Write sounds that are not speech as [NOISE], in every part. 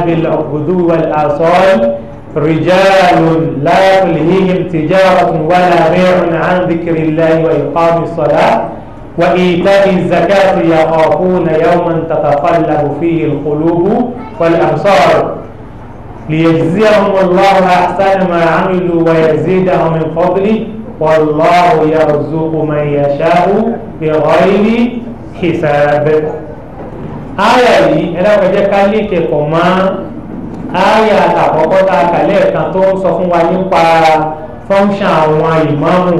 العبد والآصال رجال لا تلهيهم تجارة ولا بيع عن ذكر الله وإقام الصلاة وإيتاء الزكاة يخافون يوما تتقلب فيه القلوب والأبصار ليجزيهم الله أحسن ما عملوا ويزيدهم من فضله والله يرزق من يشاء بغير حساب aya yìí ẹ̀dá kọjá ká lékè ma mọ́ àyà àkọ́kọ́ tá a kà lẹ́ẹ̀kan tó ń sọ fún wa nípa fọ́nṣán àwọn ìmáàmù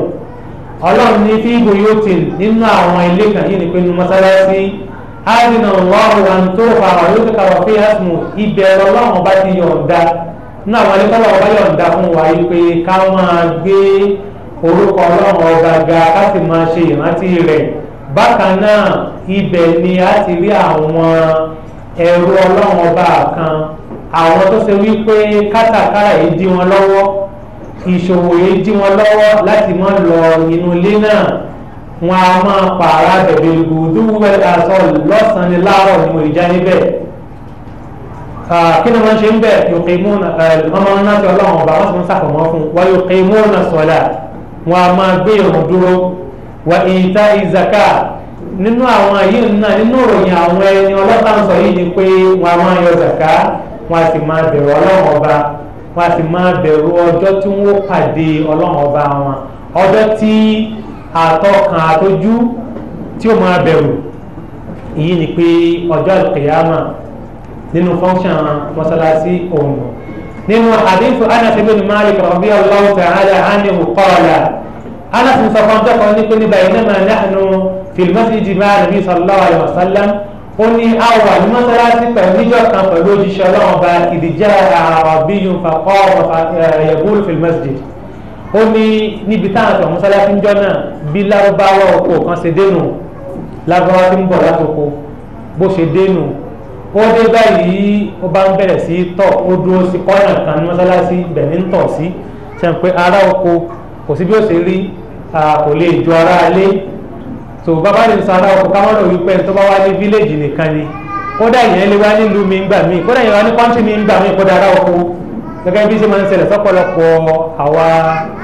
ọlọ́run ní fi buyutin nínú àwọn ilé kan yìí ni pé nínú mọ́sálásí àdínà Allahu wa tó fa yóò tẹ̀ka wọ́n fi àsùnwò ìbẹ̀rù ọlọ́run bá ti yọ̀ǹda nínú àwọn ilé tọ́lọ́run bá yọ̀ǹda fún wa yìí pé bákan náà ibẹ̀ ni a ti rí àwọn ẹrú ọlọ́run ọba kan àwọn tó ṣe wípé kátàkárà yìí dí wọn lọ́wọ́ ìṣòwò yìí dí wọn lọ́wọ́ láti mọ́ lọ inú ilé náà wọn a máa pààrà bẹ̀bẹ̀ gbòdú wẹ́ta sọ lọ́sàn-án ni láàárọ̀ ni mo rí já níbẹ̀ kí ni wọ́n ṣe ń bẹ̀ yuqimuna ọmọ náà sọ ọlọ́run ọba wọ́n sì ń sàkọ̀mọ́ fún wa yuqimuna sọ̀dà wọn a máa gbé ìrùn dúró wà ìta ìzàká nínú àwọn yìí náà nínú ìròyìn àwọn ẹni ọlọ́ta ń sọ yìí ni pé wọn a máa yọ zàká wọn a sì máa bẹ̀rù ọlọ́run ọba wọn a sì máa bẹ̀rù ọjọ́ tí wọ́n pàdé ọlọ́run ọba wọn ọjọ́ tí àtọkàn àtọjú tí ó máa bẹ̀rù èyí ni pé ọjọ́ àlùkìyàmà nínú fọ́nṣàn mọ́sálásí òun nínú hadithu Anas ibn Malik radiyallahu ta'ala anhu qala anas ń sọ fún ọjọ́ kan ní pé ní baynama nahnu fil masjid ma'a nabi sallallahu alayhi wa sallam ó ní àwa ní mọ́sálásí pẹ̀lú níjọ́ kan pẹ̀lú òjíṣẹ́ ọlọ́run ọba ìdíjẹ́ arabiyyun faqama eh, yaqulu fil masjid ó ní níbi táwọn sọ mọ́sálásí ń jọ náà bí lárúbáwá oko kan ṣe dénú lárúbáwá ti ń bọ̀ bó ṣe dénú ó dé báyìí ó bá ń bẹ̀rẹ̀ sí tọ̀ ó dúró sí kọ́nà kan ní mọ́sálásí ibẹ̀ ní tọ̀ sí ṣe ń pe oko kò sí bí ó ṣe rí kò lè ju ara lé tó bàbá ní sara ọkọ̀ káwọn náà wípé tó bá wá ní fíléèjì nìkan ni kódà ìyẹn lè wá nílùú mi ńgbà míì kódà ìyẹn wá ní kọ́ńtì mi ńgbà míì kódà ara ọkọ̀ gẹ́gẹ́ bí ṣe máa ń ṣẹlẹ̀ sọ́pọ̀lọpọ̀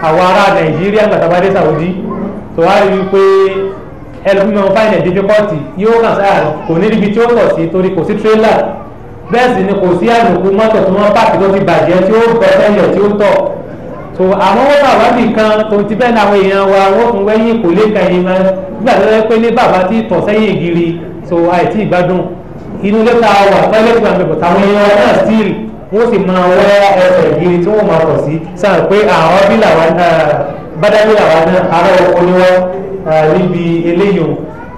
àwa ará nàìjíríà gbàtàbádé sàwùdí tó wá rí i pé ẹlòmíì máa ń fáìlẹ̀ dífíkọ́tì yóò kàn sáà kò ní ibi tí ó pọ̀ sí torí kò sí tírélà bẹ́ẹ̀ sì ni kò sí àlòkù mọ́tò tí wọ́n pààkì tó ti bàjẹ́ tí ó bọ́ sẹ́yìn tí ó tọ̀ so àwọn wọ́n bàbá nìkan tó ti bẹ́ẹ̀ làwọn èèyàn wa wọ́n tún wẹ́yìn kò lè ka ìmọ̀ nígbà tó yẹ pé ní bàbá ti tọ̀ sẹ́yìn gírí so àìtí ìgbádùn inú lẹ́tà wà tọ́lẹ́tì náà bẹ̀bọ̀ táwọn èèyàn náà still wọ́n sì máa wẹ́ ẹsẹ̀ gírí tí wọ́n máa pọ̀ sí sáà pé àwọn bí làwọn náà bádámí làwọn náà ará oko ni wọ́n níbi eléyìí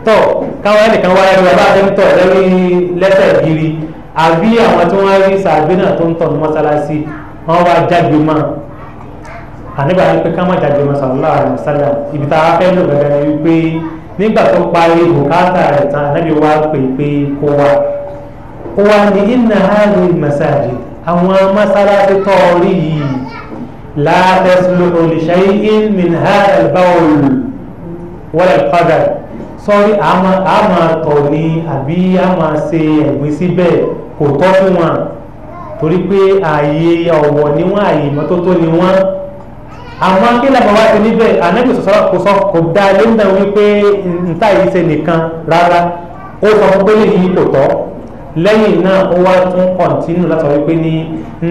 tọ̀ káwọn ẹnìkan wáyé lọ bá tó ń tọ̀ ní mọ́sálásí wọ́n àníbà wípé ká má jáde ọmọ sallallahu alaihi wasallam ibi tá a fẹ́ lò gẹ́gẹ́ ni wípé nígbà tó parí bùkátà rẹ̀ tán ànábì wá pè pé kó wá kó wá ní inna hadhihi al-masajid àwọn mọ́sálásí tó rí yìí la tasluhu li shay'in min hadha al-bawl wal qadar sọ́rí àmà tọ̀ ni àbí àmà ṣe ẹ̀gbin síbẹ̀ kò tọ́ fún wọn torí pé ààyè ọ̀wọ̀ ni wọ́n ààyè mọ́tótó ni wọ́n àwọn akínlẹ̀bọ̀ wa ti níbẹ̀ ànábì sọ̀sọ́ kò sọ kò dá lẹ́ńdà wípé nta yìí ṣe nìkan rárá ó sọ fún pé lèyí kò tọ́ lẹ́yìn náà ó wá tún kọ̀ǹtínú láti wípé ní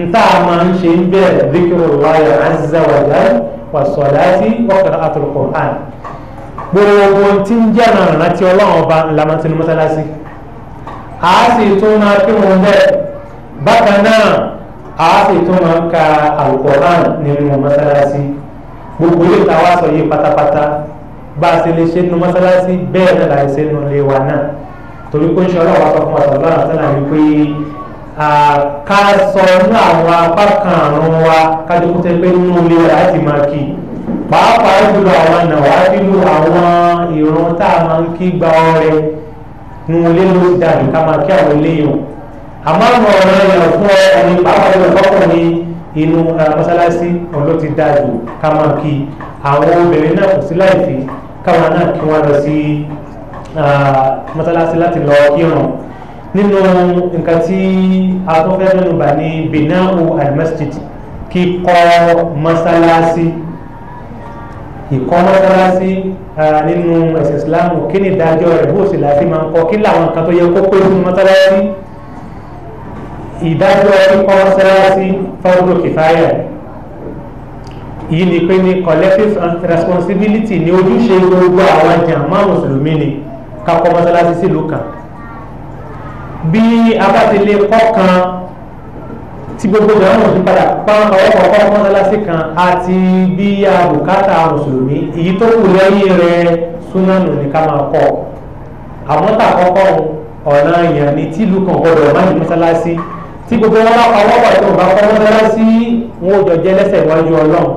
nta máa ń ṣe ń bẹ̀rẹ̀ dhikrullahi azza wa jalla wa salati wa qira'atul Qur'an gbogbo tí ń jẹ́ ọ̀nà ìrántí ọlọ́run ọba ńlámọ́ tinú mọ́sálásí a sì tún máa kí wọn bẹ́ẹ̀ bákan náà a sì tún máa ń ka Al-Qur'an nínú mọ́sálásí gbogbo ilé ta wá sọ yìí pátápátá bá a ṣe lè ṣe nu mọ́sálásí bẹ́ẹ̀ náà láì ṣe nu ilé wa náà torí pé ń ṣe ọlọ́wọ́ sọ fún ọ̀sán lọ́nà sọ́nà wípé ká sọ ní àwọn apá kan àrùn wa kájọ kó tẹ pé nínú ilé wa láti máa kí pàápàá jùlọ àwọn nàwá nínú àwọn ìran tá a máa ń kí gba ọrẹ nínú ilé ló dàbí ká máa kí àwọn ilé àmọ́ àwọn ọ̀rẹ́ yẹn fún ẹni pàápàá jùlọ fọkùnrin inú eh, mọ́sálásí ọ̀dọ́ ti dáa jù ká máa kí àwọn obìnrin náà kò sí láì fi káwọn náà kí wọ́n lọ sí eh, mọ́sálásí láti lọ kírun nínú nǹkan tí a tó fẹ́ mẹ́nu bà ní binahu almasjid kíkọ́ mọ́sálásí ìkọ́ mọ́sálásí eh, nínú ẹ̀sìn islam kí ni ìdájọ́ rẹ̀ bó sì láti máa ń kọ́ kí làwọn nǹkan tó yẹ kó pé fún mọ́sálásí ìdájọ́ kíkọ́ mọ́sálásí fọ́dún kìfáyà yìí ni pé ní collective responsibility ni ojúṣe gbogbo àwọn jàmá mùsùlùmí ni kakọ́ mọ́sálásí sílùú kan bí a bá ti lè kọ́ kan tí gbogbo jàmá mùsùlùmí padà pa ọwọ́ kọ́kọ́ mọ́sálásí kan àti bí a bùkátà mùsùlùmí èyí tó kù lẹ́yìn rẹ̀ súnánù ni ká máa kọ́ àmọ́tà kọ́kọ́ ọ̀nà ìyànní tìlú kan gbọ́dọ̀ má ní mọ́sálásí tí gbogbo wọn bá pawọ́ pọ̀ tó bá kọ́ mọ́sálásí wọn ò jọ jẹ́ lẹ́sẹ̀ iwájú ọlọ́run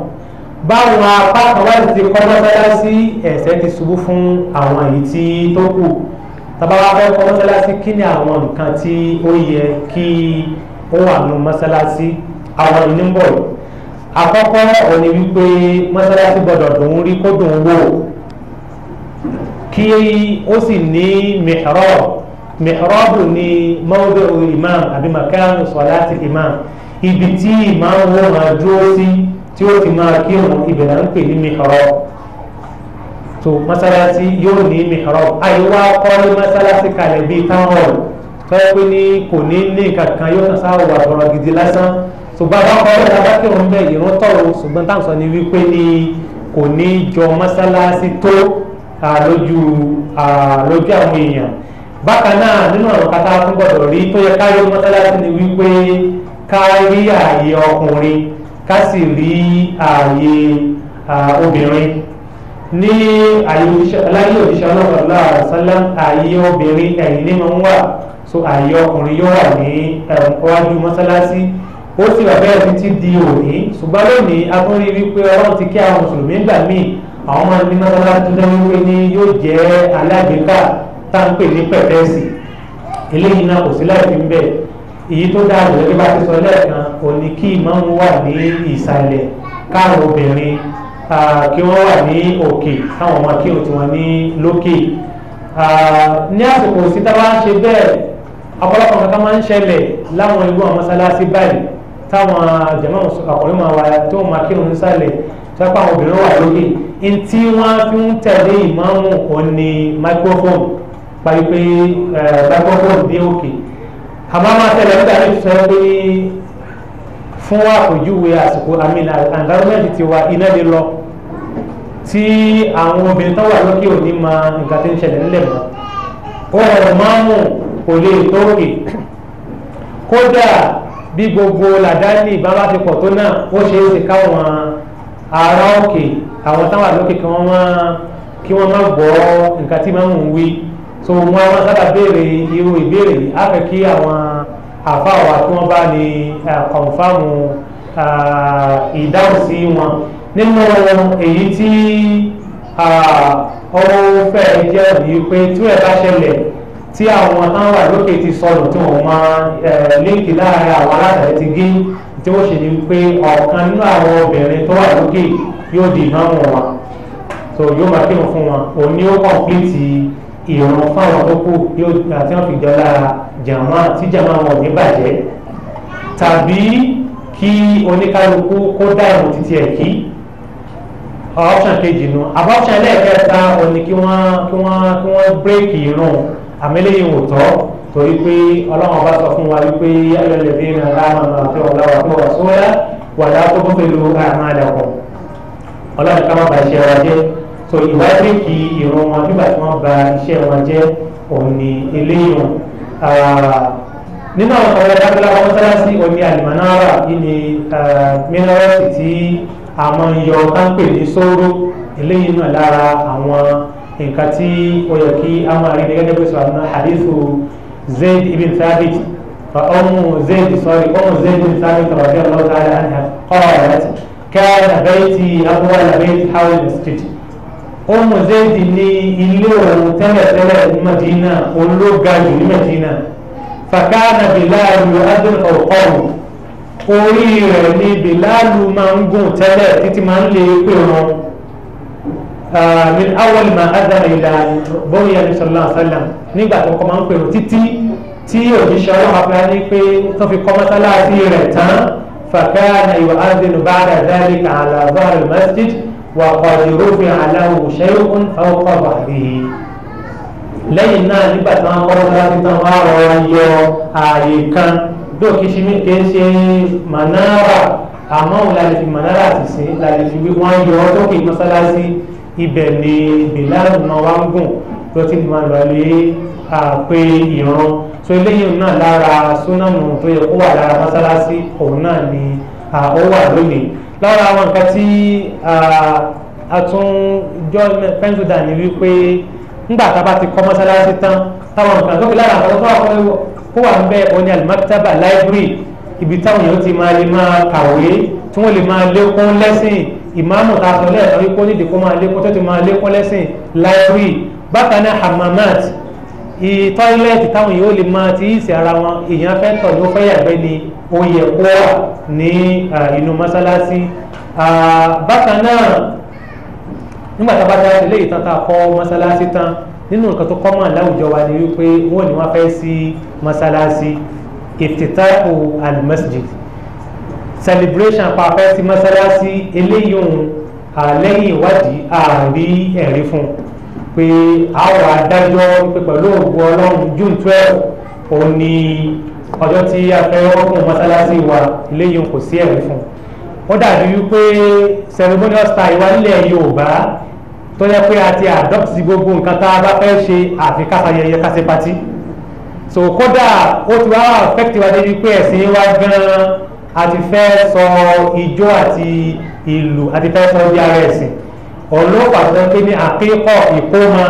báwọn apá kan wá ti kọ́ mọ́sálásí ẹ̀sẹ̀ ti ṣubú fún àwọn èyí tí tó kù tabawa fẹ́ kọ́ mọ́sálásí kí ni àwọn nǹkan tí ó yẹ kí ó wà nù mọ́sálásí àwọn ìní ń bọ̀ àkọ́kọ́ òní wípé mọ́sálásí gbọ́dọ̀ dùn rí kó dùn wò kí ó sì ní mihrab mihrabu ni mawdu'u imam àbí makanu salati imam ibi tí imam wo máa dúró sí tí ó ti máa kírun ibẹ̀ náà ń pè ní mihrab tó masalasi yóò ní mihrab àyíwá kọ́lé masalasi kalẹ̀ bíi táwọn ọ̀rọ̀ tọ́yẹ pé ní kò ní ní kankan yóò sá wà bọ̀rọ̀ gidi lásán ṣùgbọ́n àwọn ọkọ̀ ọ̀rẹ́ bá kírun bẹ́ẹ̀ ìrún tọ̀rọ̀ ṣùgbọ́n táwọn sọ ni wípé ní kò ní bákan náà nínú àwọn kata tó gbọdọ̀ rí tó yẹ káyọ mọ́sálásí ni wípé ká rí ààyè ọkùnrin ká sì rí ààyè obìnrin ní láyé òṣìṣẹ́ ọlọ́run láàrá sálá ààyè obìnrin ẹ̀yìn ní máa ń wà so ààyè ọkùnrin yóò wà ní iwájú mọ́sálásí ó sì wà bẹ́ẹ̀ títí di òní ṣùgbọ́n lónìí a tún rí wípé ọlọ́run ti kí àwọn mùsùlùmí gbà míì àwọn máa ń ní mọ́sálásí tó dá wípé ní yóò jẹ́ alágbèéká tá ń pè ní pẹ̀tẹ́ẹ̀sì eléyìí náà kò sí láìpí ń bẹ̀ èyí tó dáa jù lọ́jọ́ bá ti sọ lẹ́ẹ̀kan ò ní kí ìmáàmù wà ní ìsàlẹ̀ káàrọ̀ obìnrin kí wọ́n wà ní òkè káwọn ọmọ kí òtún wọn ní lókè ní àsìkò sí tá a bá ń ṣe bẹ́ẹ̀ ọ̀pọ̀lọpọ̀ nǹkan máa ń ṣẹlẹ̀ láwọn igbó àwọn mọ́sálásí báyìí táwọn jẹ̀mọ́ ọkùnrin máa wà tó máa kírun nísàlẹ̀ tọ́pọ̀ àwọn obìnrin wà lókè ntí wọ́n fi ń tẹ̀lé ìmáàmù òní microphone pàìpé gbàgbọ́gbọ́ eh, dé òkè àmọ́ máa tẹ̀lé nígbà tí sọ pé fún àpèjúwe àsìkò àmìnà environment ti wa iná lè lọ tí àwọn obìnrin tó wà lókè òní mọ nǹkan tí ń ṣẹlẹ̀ nílẹ̀ mọ́ ó rọrùn máa mú kò lè tó òkè kódà bí gbogbo làdáni ìbámu ti pọ̀ tó náà ó ṣe é ṣe káwọn ará òkè àwọn táwọn àlókè kí wọ́n má gbọ́ nǹkan tí màmú ń wí. so mo mú sábà béèrè irú ìbéèrè yìí á kí àwọn àfáà tí wọ́n bá lè ìdáhùn wọn nínú èyí tí ó jẹ́ yìí pé tí ẹ̀ bá tí àwọn táwọn wà lókè ti sọnù tí mọ líǹkì láàrin àwọn ti ni pé nínú àwọn obìnrin tó wà lókè yóò di ìnáwó wọn so yóò máa kírun fún wọn òun ni ìrún fáwọn tó kù yóò àti wọn fi jọlá jàmá tí jàmá wọn ò ní bàjẹ́ tàbí kí oníkálukú kó dá ìrún títí ẹ̀ kí option kejì nu abọ́pṣẹ̀ ẹlẹ́ẹ̀kẹta òní kí wọ́n kí wọ́n kí wọ́n bírèkì irun àmìlẹ́yìn ò tọ́ torí pé ọlọ́run bá sọ fún wa wípé ayọ̀lẹ̀bí ní aláàmà àti ọ̀làwà tó wà sóyá wàdà tó bó fẹ́ lu àmàlẹ̀kọ̀ ọlọ́run ká má ba iṣẹ́ wa jẹ́ so ìwádìí ìrun wọn nígbà tí wọ́n bà iṣẹ́ wọn jẹ́ òun ni eléyìí nínú àwọn ọ̀rẹ́ dákúláwọ́ mọ́sálásí omi àlìmánára yìí ni mínírọ́ọ̀sì tí àwọn iyọ̀ táǹpè ní sóró eléyìí náà lára àwọn nǹkan tí ó yẹ kí a máa rí gẹ́gẹ́ bí sọ̀rọ̀ náà hadithu zayd ibn thabit ọmọ zayd sọ̀rọ̀ ọmọ zayd ibn thabit radiyallahu ta'ala anha qalat kana bayti abwala bayti hawla al-masjid ọmọ zayidi ní ilé òun tẹ́lẹ̀tẹ́lẹ̀ ní madina ológajù ní madina fàkànà bilalu adúlọ ọ̀hún orí rẹ̀ ní bilalu máa ń gùn tẹ́lẹ̀ títí máa ń lè pè wọn min awal ma adana ila bóyá ní sọlá sálàm nígbà tó kọ́ máa ń pè wọn títí tí òjíṣẹ́ ọlọ́pàá fẹ́ ní pé tó fi kọ́ mọ́sálásí rẹ̀ tán fàkànà ìwà adúlọ bá وقد رفع له شيء فوق ظهره lẹ́yìn náà nígbà tí wọ́n kọ́kọ́ bá ti tán wá rọra yọ ààyè kan bí òkìṣí mi kì í ṣe mànára àmọ́ òun la lè fi mànára sì sí la lè fi wọ́n yọ ọ́ sókè mọ́sálásí ibẹ̀ ni bìláàlù náà wá ń gùn tó ti máa lọ lé àpè ìran tó eléyìí náà lára súnámù tó yẹ kó wà lára mọ́sálásí òun náà ni ó wà lónìí lára àwọn nǹkan tí àtúnjọ pẹ́ńtùdà ni wípé ńgbà tá a bá ti kọ́ mọ́sálásí tán táwọn nǹkan tó fi lára àwọn tó kó wà níbẹ̀ òní alimakitaba library ibi táwọn èèyàn ti máa lè máa kàwé tí wọ́n lè máa lékún lẹ́sìn ìmáàmù tá a sọ lẹ́ẹ̀kan wípé ó nídìí kó máa lékún tó ti máa lékún lẹ́sìn library bákan náà hamamat tọ́ílẹ̀tì táwọn èèyàn ó lè máa ti í sí ara wọn èèyàn fẹ́ tọ̀ ló fẹ́ yàgbẹ́ ni ó yẹ kó wà ní inú mọ́sálásí bákan náà nígbà tá a bá dá ilé ìtàn tá a kọ́ mọ́sálásí tán nínú nǹkan tó kọ́mọ̀ láwùjọ wa ni wípé wọ́n ní wọ́n fẹ́ sí mọ́sálásí iftitahu al-masjid celebration pa fẹ́ sí mọ́sálásí eléyìí òun lẹ́yìn ìwádìí àárí ẹ̀rí fún pé àwọn adájọ́ pé pẹ̀lú òògùn ọlọ́run june twelve òun ni ọjọ́ tí a fẹ́ ọkùnrin mọ́sálásí wa eléyìí kò sí ẹ̀rí fún un ó dàbí wípé ceremonial style wa nílẹ̀ Yorùbá tó yẹ pé a ti adopt sí gbogbo nǹkan tá a bá fẹ́ ṣe àfi kásayẹyẹ pati so kódà ó ti wá affect wa débi pé ẹ̀sìn wa gan-an a ti fẹ́ sọ ijó àti ìlú a ti fẹ́ sọ bí ara ẹ̀sìn ọlọ́pàá tó ń pè ní àkíkọ̀ ìkómọ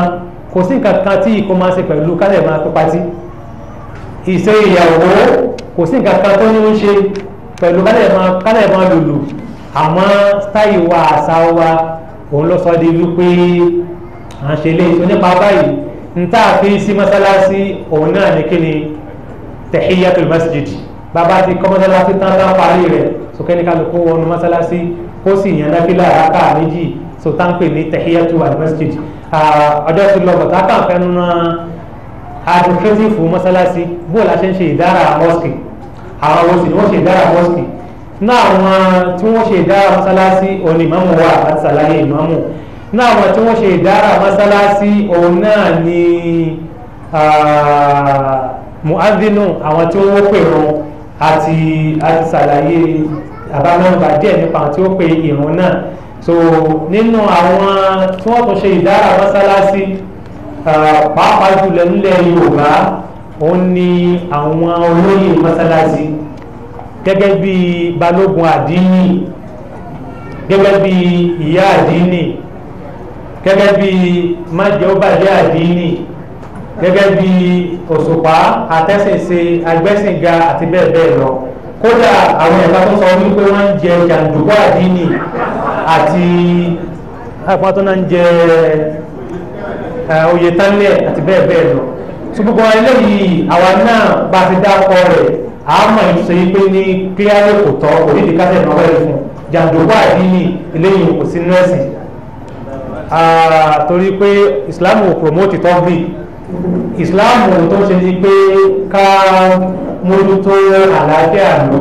kò sí nǹkan kan tí ìkómọ ṣe pẹ̀lú kálẹ̀ máa tó pati ìṣe ìyàwó kò sí nǹkan kan tó ní ń ṣe pẹ̀lú kálẹ̀ máa lòlò àmọ́ sítáì wa àṣà wa òun ló sọ di wípé à ń ṣe lé ìṣó nípa báyìí níta fi sí mọ́sálásí òun náà ní kíni tahiyatul masjid bàbá ti kọ́ mọ́sálásí tán tán parí rẹ̀ sókè ní kálukú wọnú mọ́sálásí kó sì yàn náfìlà rákà méjì sótánpè ní tahiyatul masjid ọjọ́ ti lọ bọ̀tá kàn fẹ́ nu náà administrative mọ́sálásí bóòlù àṣẹ ń ṣe ìdára mosque àwọn wo sì ni wọ́n ṣe ìdára mosque náà àwọn tí wọ́n ṣe ìdára mọ́sálásí òní ìmáàmù wa àti sàlàyé ìmáàmù náà àwọn tí wọ́n ṣe ìdára mọ́sálásí òun náà ni muadinu àwọn tí wọ́n pè wọn àti àti sàlàyé àbámọ́ba díẹ̀ nípa àwọn tí ó pe ìrun náà so nínú àwọn tí wọ́n tún ṣe ìdára mọ́sálásí pàápàá jùlọ nílẹ̀ Yorùbá ó ní àwọn olóyè mọ́sálásí gẹ́gẹ́ bí balógun àdínì gẹ́gẹ́ bí ìyá àdínì gẹ́gẹ́ bí májọ́bàjẹ́ àdínì gẹ́gẹ́ bí òṣùpá àtẹ́sẹ̀ṣe agbẹ́sìnga àti bẹ́ẹ̀ bẹ́ẹ̀ lọ kódà àwọn ẹ̀ka tó sọ wípé wọ́n ń jẹ jàǹdùkú àdínì àti àpá tó náà ń jẹ Eh, oyè tánlẹ̀ àti bẹ́ẹ̀ bẹ́ẹ̀ lọ tó gbogbo eléyìí àwa náà bá ti dá ọkọ rẹ̀ àmọ́ ìṣe pé ní kíláàrì kò tọ́ onídìí kásẹ̀ náà wáyé fún jàǹdùkú àdínì eléyìí kò sí nọ́ọ̀sì torí pé Islam ò promote tọ́gbì Islam tó ṣe ni pé ká mójútó àlàáfíà lọ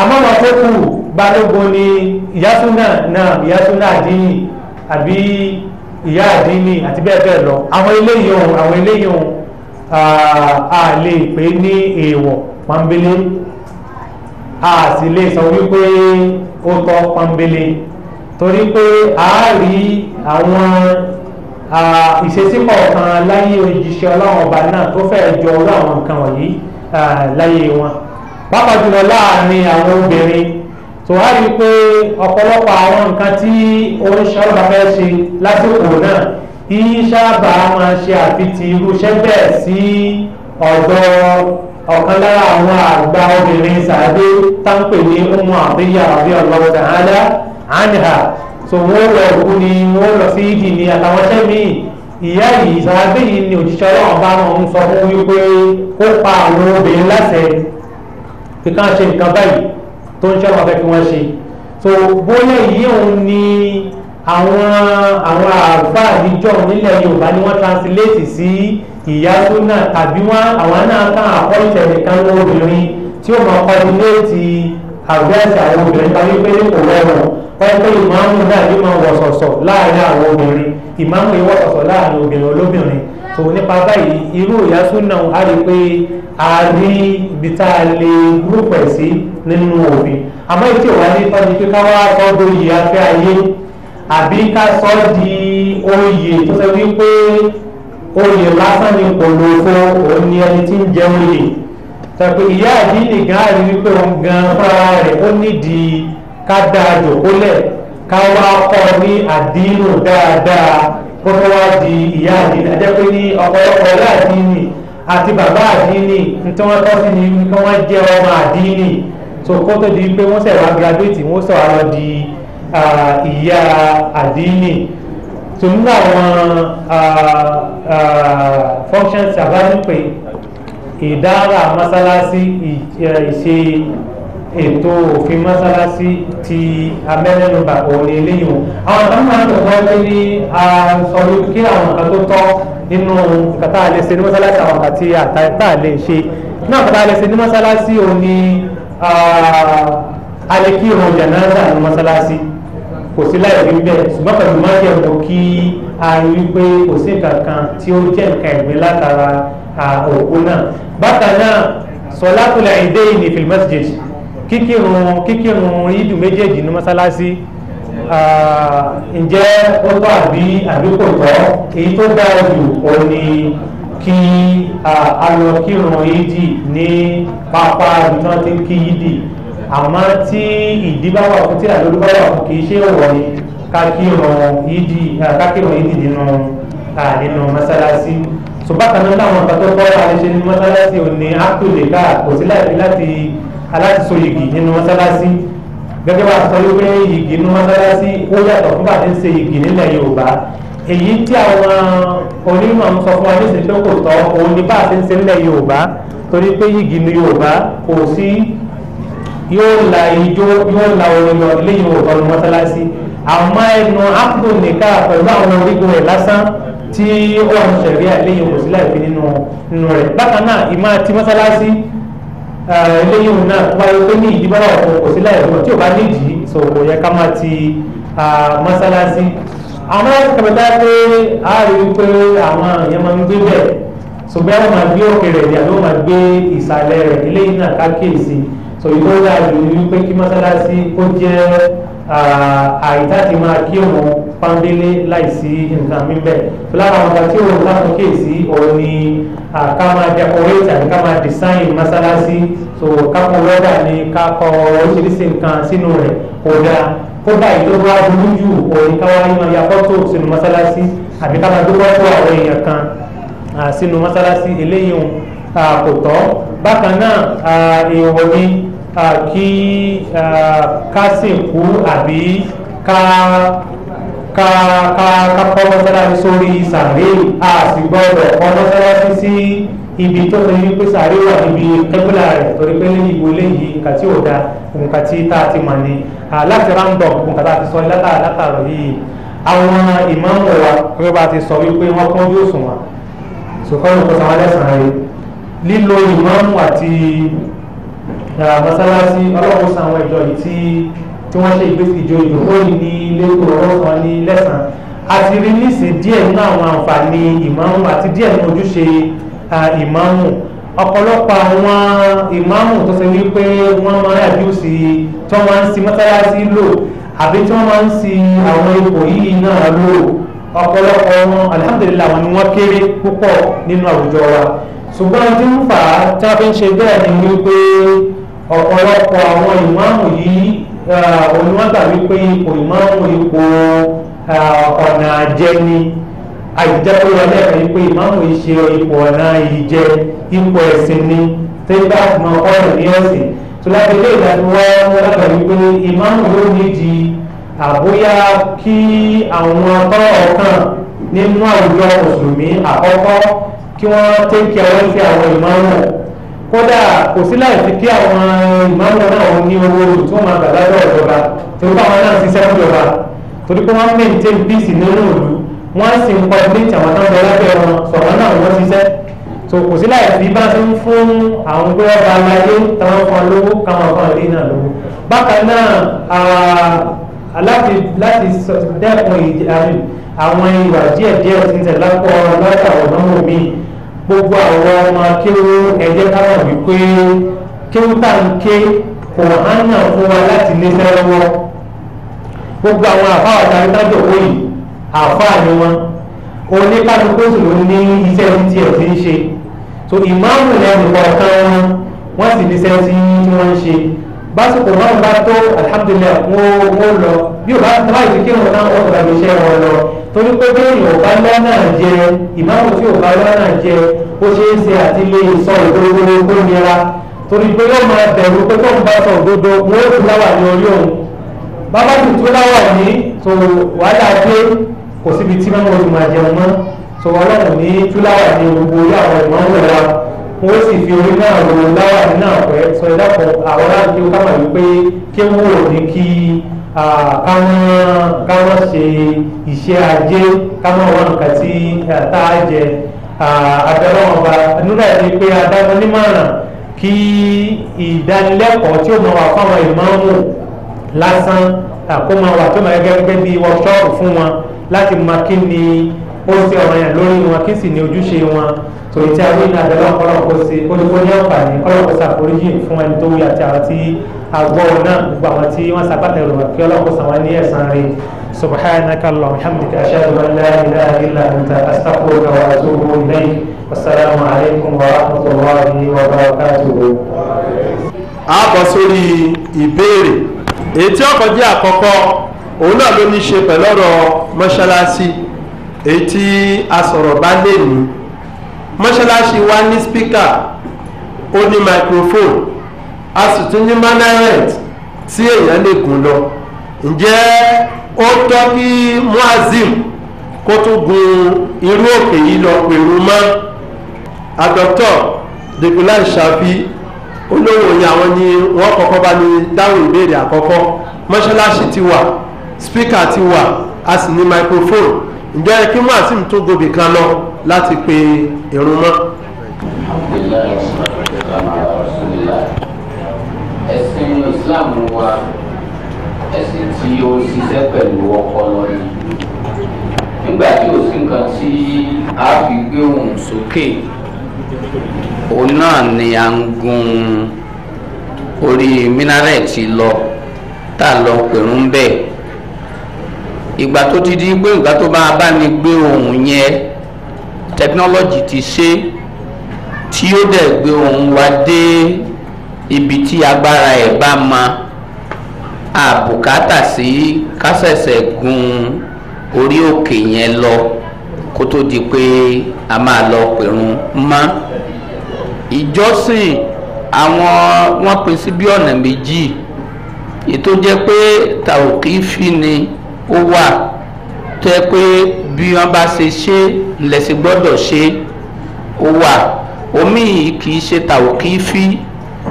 àmọ́ wọn tó kù balógun ni ìyásúná náà ìyásúná àdínì àbí ìyá àdínní àti bẹ́ẹ̀ bẹ́ẹ̀ lọ àwọn eléyìí ohun àwọn eléyìí ohun a lè pè ní èèwọ̀ pọ́nbélé a sì lè sọ wípé ó tọ́ pọ́nbélé torí pé a rí àwọn ìṣesí kọ̀ọ̀kan láyé òjíṣẹ́ ọlọ́run ọba náà tó fẹ́ jọ ọlọ́run nǹkan wọ̀nyí láyé wọn pàápàá jùlọ láàrin àwọn obìnrin tó wá rí i pé ọ̀pọ̀lọpọ̀ àwọn nǹkan tí oníṣàlùbà fẹ́ ṣe lásìkò náà kì í sábà máa ṣe àfitì irúṣẹ́ bẹ́ẹ̀ sí ọ̀dọ̀ ọ̀kan lára àwọn àgbà obìnrin sàdé táǹpẹ̀ ní ọmọ àbíyá àbí ọ̀lọ́wọ́ sàhádà àníhà tó wọ́n lọ òkú ni wọ́n lọ sí ìdì ní àtàwọn ṣẹ́ míì ìyá yìí sàdé yìí ni òjíṣẹ́ ọlọ́run bá wọn ń sọ fún wípé kó pa àwọn obìnrin láṣẹ kíkà ṣe nǹkan báyìí tó ń ṣọ́nà fẹ́ kí wọ́n ṣe so bóyá yìí òun ni àwọn àwọn àáfàá níjọ nílẹ̀ Yorùbá ni wọ́n translate sí ìyá súnà tàbí wọn àwọn náà kàn àpọ́ìtẹ̀ nìkan ní obìnrin tí ó máa kọ́dínéètì àgbẹ̀sẹ̀ àwọn obìnrin tàbí pé ní kò rọrùn wọ́n pé ìmáàmù náà yóò máa wọ̀sọ̀sọ̀ láàrin àwọn obìnrin ìmáàmù yóò wọ̀sọ̀sọ̀ láàrin obìnrin olóbìnrin tó nípa báyìí irú ìyá súnà á rí i pé a rí ibi tá a lè gúrùpù ẹ̀ sí nínú òfin àmọ́ ètò ìwà ní tọ́jú pé ká wá sọ oyè afẹ́ ayé àbí ká sọ di oyè tó ṣe wípé oyè lásán ni kò lò fún òun ni ẹni tí ń jẹ oyè tàbí ìyá àdínì gan àrí wípé òun gan fúnra rẹ̀ ó nídìí ká dáa jòkólẹ̀ ká wá kọ́ ní àdínù dáadáa kótó wá di ìyá àdínì ajẹ́ pé ní ọ̀pọ̀lọpọ̀ ìyá àdínì àti bàbá àdínì ntí wọ́n tọ́ sí ni kí wọ́n jẹ́ ọmọ àdínì so kótó di pé wọ́n sẹ̀rọ̀ graduate wọ́n sọ̀rọ̀ lọ di ìyá àdínì so nínú àwọn functions àbájú pé ìdára mọ́sálásí ìṣe ètò òfin mọ́sálásí ti abẹ́lẹ́nubà òní eléyìí wọn. àwọn kan máa ń tọ̀tọ̀ pé ní sọ wípé kí àwọn kan tó tọ́ nínú nǹkan tá a lè ṣe ní mọ́sálásí àwọn kan tí tá a lè ṣe náà kan tá a lè ṣe ní mọ́sálásí òní alẹ́kí ìrun jànáza ní mọ́sálásí kò sí láì rí bẹ́ẹ̀ ṣùgbọ́n pẹ̀lú má jẹ́ mọ̀ kí a rí pé kò sí nǹkan tí ó jẹ́ nǹkan ẹ̀gbin kíkírun kíkírun ìdù méjèèjì ní mọ́sálásí ǹjẹ́ ó tọ́ àbí àbí kò tọ́ èyí tó dáa jù ó ní kí a lọ kírun ìdì ní pápá ibi tí wọ́n ti ń kí ìdì àmọ́ tí ìdí bá wà fún tí àlọ́dún bá wà fún kì í ṣe òwò ni ká kírun ìdì ká kírun ìdì nínú nínú mọ́sálásí ṣùgbọ́n kan náà láwọn kan tó kọ́ àlejò ní mọ́sálásí ò ní ápùlẹ̀ káà kò sí láìpẹ́ láti aláti so yìgì nínú mọ́sálásí gẹ́gẹ́ bá a sọ wípé yìgì nínú mọ́sálásí ó yàtọ̀ fún bàtí ń ṣe yìgì nílẹ̀ Yorùbá èyí tí àwọn onímọ̀ ń sọ fún wa ní ìsìn pé kò tọ́ òun ni bá a ti ń ṣe nílẹ̀ Yorùbá torí pé yìgì ní Yorùbá kò sí yóò la ijó yóò la orin lọ lẹ́yìn òòtọ́ ní mọ́sálásí àmọ́ ẹnu ápùtò nìka pẹ̀lú àwọn orígun rẹ̀ lásán tí ó ń ṣẹ̀rí àlẹ́yìn òsílẹ̀ ìfi nínú rẹ̀ bákan náà ìmọ̀ àti mọ́sálásí Eh, eléyìí náà wáyé pé ní ìdíbọ́lá ọ̀pọ̀ kò sílẹ̀ ẹ̀dùn tí ò bá nídìí so kò yẹ ká máa ti mọ́sálásí àwọn láti kàmẹ́tà pé a rí i pé àwọn èèyàn máa ń gbé bẹ̀ ṣùgbọ́n àwọn máa gbé òkè rẹ̀ ní àbí máa gbé ìsàlẹ̀ rẹ̀ eléyìí náà kákèsí so ìdíbọ́lá ìlú ni wípé kí mọ́sálásí kó jẹ́ àìtá ti máa kí òun pàndélé láìsí nǹkan mi bẹ́ẹ̀ fúlára àwọn àti òun láwọn kéèsì òun ni ká máa decorate àti ká máa design masalasi so ká kọ wẹ́dà ni ká kọ oríṣiríṣi nǹkan sínú rẹ̀ kó dáa kódà ìjọba burú jù òun ká wáyé máa ya fọ́tò sínú mọ́sálásí àbí ká máa dúpọ́ fún àwọn èèyàn kan sínú mọ́sálásí eléyìí kò tọ́ bákan náà èèwọ̀ ni kí ká sìnkú àbí ká ká ká ká kọ́ mọ́sálásí sórí sàréè a sì gbọ́dọ̀ kọ́ mọ́sálásí sí ibi tó ṣe wípé sàréè wà níbi kẹ́bílà rẹ̀ torí pé lẹ́yìn ìwé lẹ́yìn nǹkan tí ò da nǹkan tí tá a ti mọ̀ ni láti ráńdọ̀ nǹkan tá a ti sọ látàrà látàrọ̀ yìí àwọn ìmáàmù wa wọ́n bá ti sọ wípé wọ́n kọ́ yóò sùn wọn sùkọ́rù kó sanwó lẹ́sàn-án rẹ̀ lílo ìmáàmù àti mọ́sálásí ọlọ́run tí wọ́n ṣe ìgbésí ìjọ ìdókòwò ní lẹ́kọ̀ọ́ ọlọ́kan ní lẹ́sàn-án àti rí nísìn díẹ̀ nínú àwọn àǹfààní ìmáàmù àti díẹ̀ nínú ojúṣe ìmáàmù ọ̀pọ̀lọpọ̀ àwọn ìmáàmù tó ṣe wípé wọ́n máa ń àbíòsì tí wọ́n máa ń sin mọ́sálásí lò àbí tí wọ́n máa ń sin àwọn ipò yìí náà lò ọ̀pọ̀lọpọ̀ wọn alihamudulilayi àwọn ni wọ́n kéré púpọ̀ nínú àwùjọ wa ṣùgbọ́n tí ń fà á tí wọ́n fi ń ṣe bẹ́ẹ̀ ni wípé ọ̀pọ̀lọpọ̀ àwọn ìmáàmù yìí Ah, òun wọn gbà wípé ipò ah, ìmáàmù ipò ọ̀nà àjẹni àìjẹ́pé ọlẹ́ kan ipò ìmáàmù ìṣe ipò ọ̀nà ìjẹ ipò ẹ̀sìn ni tẹ́gbà mọ ọ̀rọ̀ ní ọ̀sìn tó láti ilé ìdánilọ́wọ́ wọn gbà wípé ìmáàmù ló ní di àbóyá kí àwọn tọ́rọ̀ kan nínú àwùjọ mùsùlùmí àkọ́kọ́ kí wọ́n tẹ́kẹ̀ ọ̀rẹ́ sí àwọn ìmáàmù kódà kò sí láì fi kí àwọn ìmáàmù náà ní owó oṣù tí wọ́n máa gbà lọ́dọ̀ ìjọba tí wọ́n báwọn náà ṣiṣẹ́ fún ìjọba torí pé wọ́n maintain peace nínú ìlú wọ́n sì ń kọ́ ilé ìtàwọn tó ń bẹ lábẹ́ wọn sọ̀rọ̀ náà wọ́n ṣiṣẹ́ tó kò sí láì fi bá ṣe ń fún àwọn gbé ọba aláyé táwọn kan lówó káwọn kan lé náà lówó bákan náà láti láti dẹ́kun àwọn ìwà díẹ̀díẹ̀ ti ń tẹ̀ lápò lọ́sàwọ̀ náà mọ̀ míì gbogbo àwọn ọmọ akéwò ẹ̀jẹ̀ káwọn wípé kéwù tá n ké kò hánà fún wa láti lé sẹ́wọ́ gbogbo àwọn àfáà tàbí tájọ owó yìí àfáà ni wọn oníkálukú sì ló ní iṣẹ́ tí ẹ̀ ti ń ṣe so ìmáàmù lẹ́nu kọ̀ọ̀kan wọn wọ́n sì ní iṣẹ́ tí wọ́n ń ṣe básìkò náà bá tó alihamudulilayi wọ́n lọ bí o bá tó báyìí kí wọ́n náà wọ́n tó bá iṣẹ́ wọn lọ torí pé bí èèyàn bá lọ́nà jẹ ìmáàmù tí ò bá lọ́nà jẹ ó ṣeé ṣe àti lè sọ òdodo tó nira torí pé yóò máa bẹ̀rù pé tó ń bá sọ òdodo wọn ó fúláwà ní orí òun bàbá sì fúláwà ní tó wàhálà dé kò síbi tí mẹ́mọ́ ti máa jẹun mọ́ tó ọlọ́run ní fúláwà ní gbogbo orí àwọn ìmáàmù wa wọn ó sì fi orí náà ro láwà nínú àpẹ sọ ìdápọ̀ àwọn aráàlú ó kámà ká má ṣe iṣẹ́ ajé ká má wọ́n nǹkan tí tá a jẹ àbẹ̀rẹ̀ ọba nígbà tí pé adájọ́ nímọ̀ràn kí ìdánilẹ́kọ̀ọ́ tí ó máa wà fáwọn ìmáàmù lásán kó máa wà tó máa gẹ́gẹ́ gẹ́gẹ́ bí workshop fún wọn láti mọ kí ni ó ṣe ọ̀ranyàn lórí wọn kí sì ni ojúṣe wọn torí tí a wí ní abẹ́lẹ́ ọ̀pọ̀lọpọ̀ ṣe kódókó ní ọ̀pàdé ọ̀pọ̀lọpọ̀ ṣàforíjì fún ẹni tó wí àti àwọn tí a gbọ́ náà gbogbo àwọn tí wọ́n ṣàpàtẹ̀rù kí ọlọ́pọ̀ sàwọn ní ẹ̀san rẹ̀ subhanaka allahumma hamdika ashhadu an la ilaha illa anta astaghfiruka wa atubu ilayk wassalamu alaykum wa rahmatullahi wa barakatuh. a bọ̀ sórí ìbéèrè èyí tí ọkọ̀ jẹ́ àkọ́kọ́ òun náà ló ní ṣe pẹ̀lú ọ̀rọ̀ mọ́ṣáláṣí èyí tí a sọ̀rọ̀ bá lè ní mọ́ṣáláṣí wa ní spíkà ó ní microphone a sì tún ní manaret tí èèyàn lè gùn lọ ǹjẹ́ ó tọ́ kí muazim kó tún gun irú òkè yìí lọ pẹ̀lú mọ́ àdọ́tọ̀ dèkúlá ìṣàfi olówó ni àwọn ni wọ́n kọ́kọ́ bá ní dáhùn ìbéèrè àkọ́kọ́ mọ́ṣáláṣí ti wà spíkà ti wà a sì ní microphone ǹjẹ́ kí muazim tó gòbì kan lọ láti pe ìrun mọ́. ẹ̀sìn Islam wa ẹ̀sìn tí ó ṣiṣẹ́ pẹ̀lú ọpọlọ ni nígbà tí ó sì nǹkan tí a fi gbé ohùn sókè òun náà ni à ń gun orí minareti lọ tá a lọ pẹ̀rún bẹ́ẹ̀ ìgbà tó ti di pé ìgbà tó bá a bá ní gbé ohùn yẹn technology ti ṣe tí ó dẹ̀ gbé ohun wa dé ibi tí agbára ẹ̀ bá ma àbùkátà sí kásẹ̀sẹ̀ gun orí òkè yẹn lọ kó tó di pé a máa lọ pèrún mọ́ ìjọsìn àwọn wọ́n pín sí bí ọ̀nà méjì ètò jẹ́ pé tàòkì fi ni ó wà tó yẹ pé bí wọ́n bá ṣe ṣe lẹsẹ gbọ́dọ̀ ṣe ó wà omi yìí kì í ṣe tàwọn kì í fi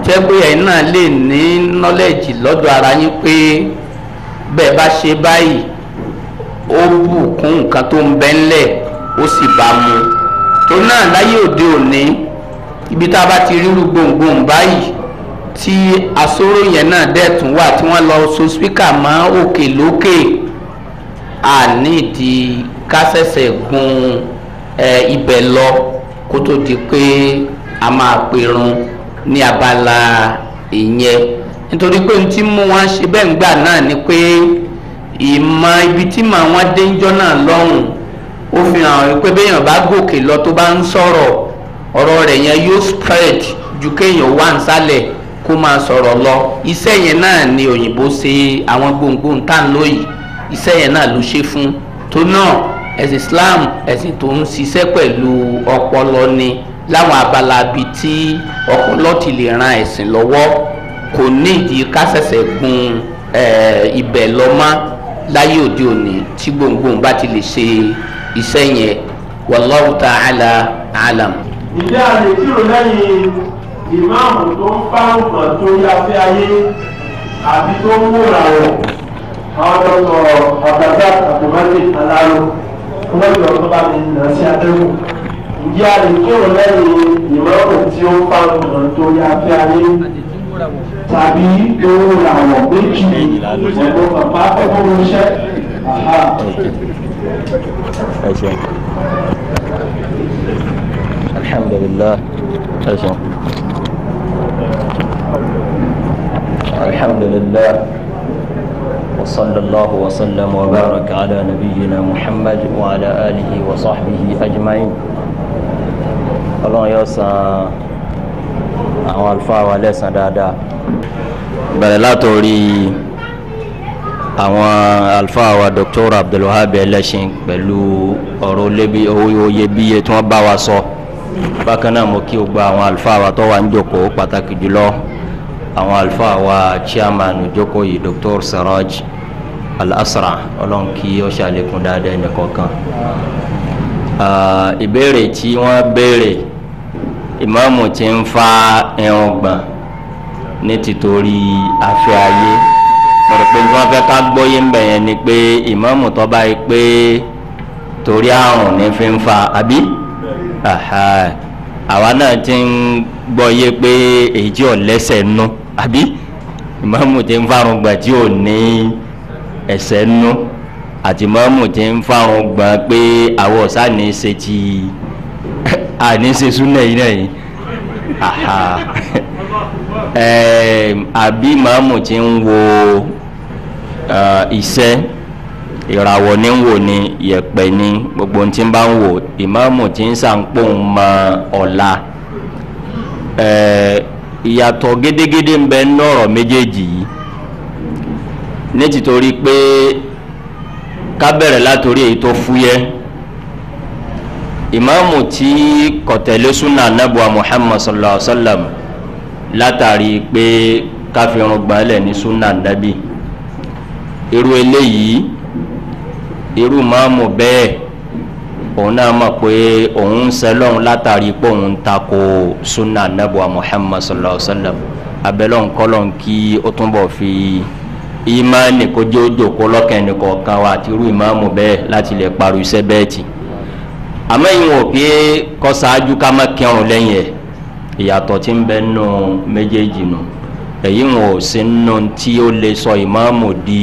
tó yẹ pé ẹ̀yin náà lè ní nọlẹjì lọ́dọ̀ ara yín pé bẹ́ẹ̀ bá ṣe báyìí ó bù kún nǹkan tó ń bẹ ńlẹ̀ ó sì bá mu tó náà láyé òde òní ibi tá a bá ti rírú gbohùngbohùn báyìí tí asóró yẹn náà dẹ̀ tún wà tí wọ́n lọ so spíkà mọ́ òkè lókè. Okay, a di kásẹ̀sẹ̀ gun ibẹ̀ lọ kó tó di pé a máa perun ní abala ìyẹn nítorí pé ohun tí mú wọn ṣe bẹ́ẹ̀ náà ni pé ìmọ̀ ibi tí màá wọn dé ńjọ́ náà lọ́hùn ó fi hàn pé béèyàn bá gòkè lọ tó bá ń sọ̀rọ̀ ọ̀rọ̀ rẹ̀ yẹn yóò spread ju kéèyàn wà ń sálẹ̀ kó máa sọ̀rọ̀ lọ iṣẹ́ yẹn náà ni òyìnbó ṣe àwọn ń iṣẹ́ yẹn náà ló ṣe fún tó náà ẹ̀sìn Islam ẹ̀sìn tó ń ṣiṣẹ́ pẹ̀lú ọpọlọ ni láwọn abala bi tí ọpọlọ ti lè ran ẹ̀sìn lọ́wọ́ kò ní ìdí ká ṣẹ̀ṣẹ̀ gun ibẹ̀ lọ mọ́ láyé òde òní tí gbòǹgbòǹ bá ti lè ṣe iṣẹ́ yẹn wallahu ta'ala alam. ìdí àlè lẹ́yìn ìmáàmù tó ń fáwọn tó yá fẹ́ ayé àbí tó ń wòrà rẹ̀ àwọn tó ń lọ àgbàdo àtòmátì aláró wọ́n lọ tó bá mi nà sí adéwò ìyá rẹ̀ kírun lẹ́yìn ìmọ̀ràn tí ó ń fa ọ̀nà tó yá fẹ́ ayé tàbí owó làwọ̀ méjì ọ̀dọ̀ bàbá ọ̀gbọ́n iṣẹ́. ẹ ṣeun alhamdulilah ẹ ṣeun alhamdulilah. وصلى الله وسلم وبارك على نبينا محمد وعلى آله وصحبه أجمعين الله yóò san àwọn àlùfáà wa lẹ́sàn dáadáa bẹ̀rẹ̀ látòrí àwọn àlùfáà wa Dr. Abdulwahab Ẹlẹ́ṣin pẹ̀lú ọ̀rọ̀ oyebíye tí wọ́n bá wa sọ bákan náà mo kí o gba àwọn àlùfáà wa tó wà ń jókòó pàtàkì jùlọ àwọn àlùfáà wa chairman jókòó yìí Dr. Saraj al-asra ọlọ́run kí ó ṣàlékún dáadáa ẹnì kọ̀ọ̀kan ìbéèrè tí wọ́n béèrè ìmáàmù ti ń fa ẹran gbọ̀n ní tìtorí afẹ́ ayé mọ̀rọ̀ pé wọ́n fẹ́ ká gbọ́yé ń bẹ̀yẹn ni pé ìmáàmù tó bá yìí pé torí àrùn ní fi ń fa àbí àwa náà ti ń gbọ́yé pé èyí tí ò lẹ́sẹ̀ nú àbí ìmáàmù ti ń fa àrùn gbọ̀n tí ò ní. No, ẹ̀sẹ̀ nú àti mọ́mù ti ń fáwọn gbọ́n pé àwọn ọ̀sá ní ṣe ti àní ṣe súnà yìí náà yìí àbí mọ́mù ti ń wo iṣẹ́ ìràwọ̀ ní ń wò ní yẹ̀pẹ̀ ní gbogbo tí ń bá ń wò ìmọ̀ọ́mù tí ń sàǹpòun mọ ọ̀la ìyàtọ̀ gédégédé ń bẹ nọ́rọ̀ méjèèjì yìí ní tìtorí pé ká bẹ̀rẹ̀ látòrí èyí tó fúyẹ́ ìmáàmù tí kò súnà anábùwà Muhammad sallallahu alaihi wa sallam látàrí pé káfíìrún gbalẹ̀ ní súnà nábì irú eléyìí irú máàmù bẹ́ẹ̀ òun náà mọ̀ pé òun ń sẹlọ́run látàrí pé òun ń takò súnà anábùwà Muhammad sallallahu alaihi wa sallam abẹ́lọ́nkọ́lọ́n kí ó túnbọ̀ fi. ìmáàni kó jẹ́ kó lọ́kàn nìkọ̀ọ̀kan wa àti irú ìmáàmù bẹ́ẹ̀ láti lè parọ́ iṣẹ́ bẹ́ẹ̀ tì àmọ́ ìwọ̀n pé kọ́ ṣáájú ká má kẹrùn lẹ́yìn ẹ̀ ìyàtọ̀ tí ń bẹ nù méjèèjì nù èyí sí nù tí ó sọ di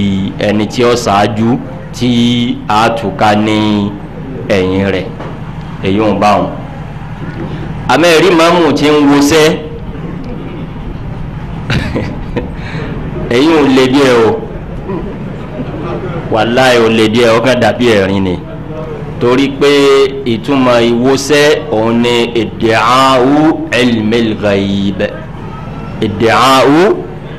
ẹni tí ó tí a tùka ní ẹ̀yìn rẹ̀ èyí bá wọn àmọ́ ẹ̀rí ń èyí ò lè díẹ̀ o wàláì ò lè díẹ̀ ọkàn dàbí ẹ̀rín ni torí pé ìtumọ̀ ìwọ́sẹ́ òun ni ìdìáwú ẹlmẹlgàyìb ìdìáwú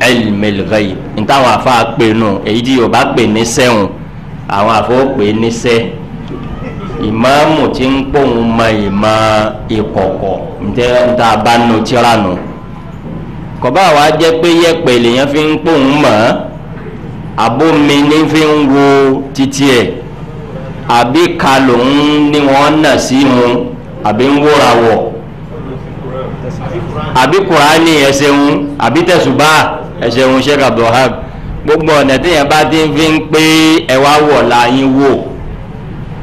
ẹlmẹlgàyìb ntáwọn afa pè nù èyí tí yorùbá pè ní sẹ́hùn àwọn afọ pè ní sẹ́ ìmáàmù tí ń pòun mọ ìmọ̀ ìkọ̀kọ̀ ntẹ́ bá nu tíra nù. No kọba àwa jẹ́ pé yẹ̀pẹ̀ lèyàn fi ń pòun mọ́ abomi ní fi ń wo títí ẹ̀ àbí ka lòun ni wọ́n nà sí mu àbí ń wóra wọ̀ àbí kùránì ẹsẹ̀hún àbí tẹ̀sùbá ẹsẹ̀hún sheikh abdulhab gbogbo ọ̀nà téèyàn bá ti fi ń pé ẹwà wọ̀ láyín wò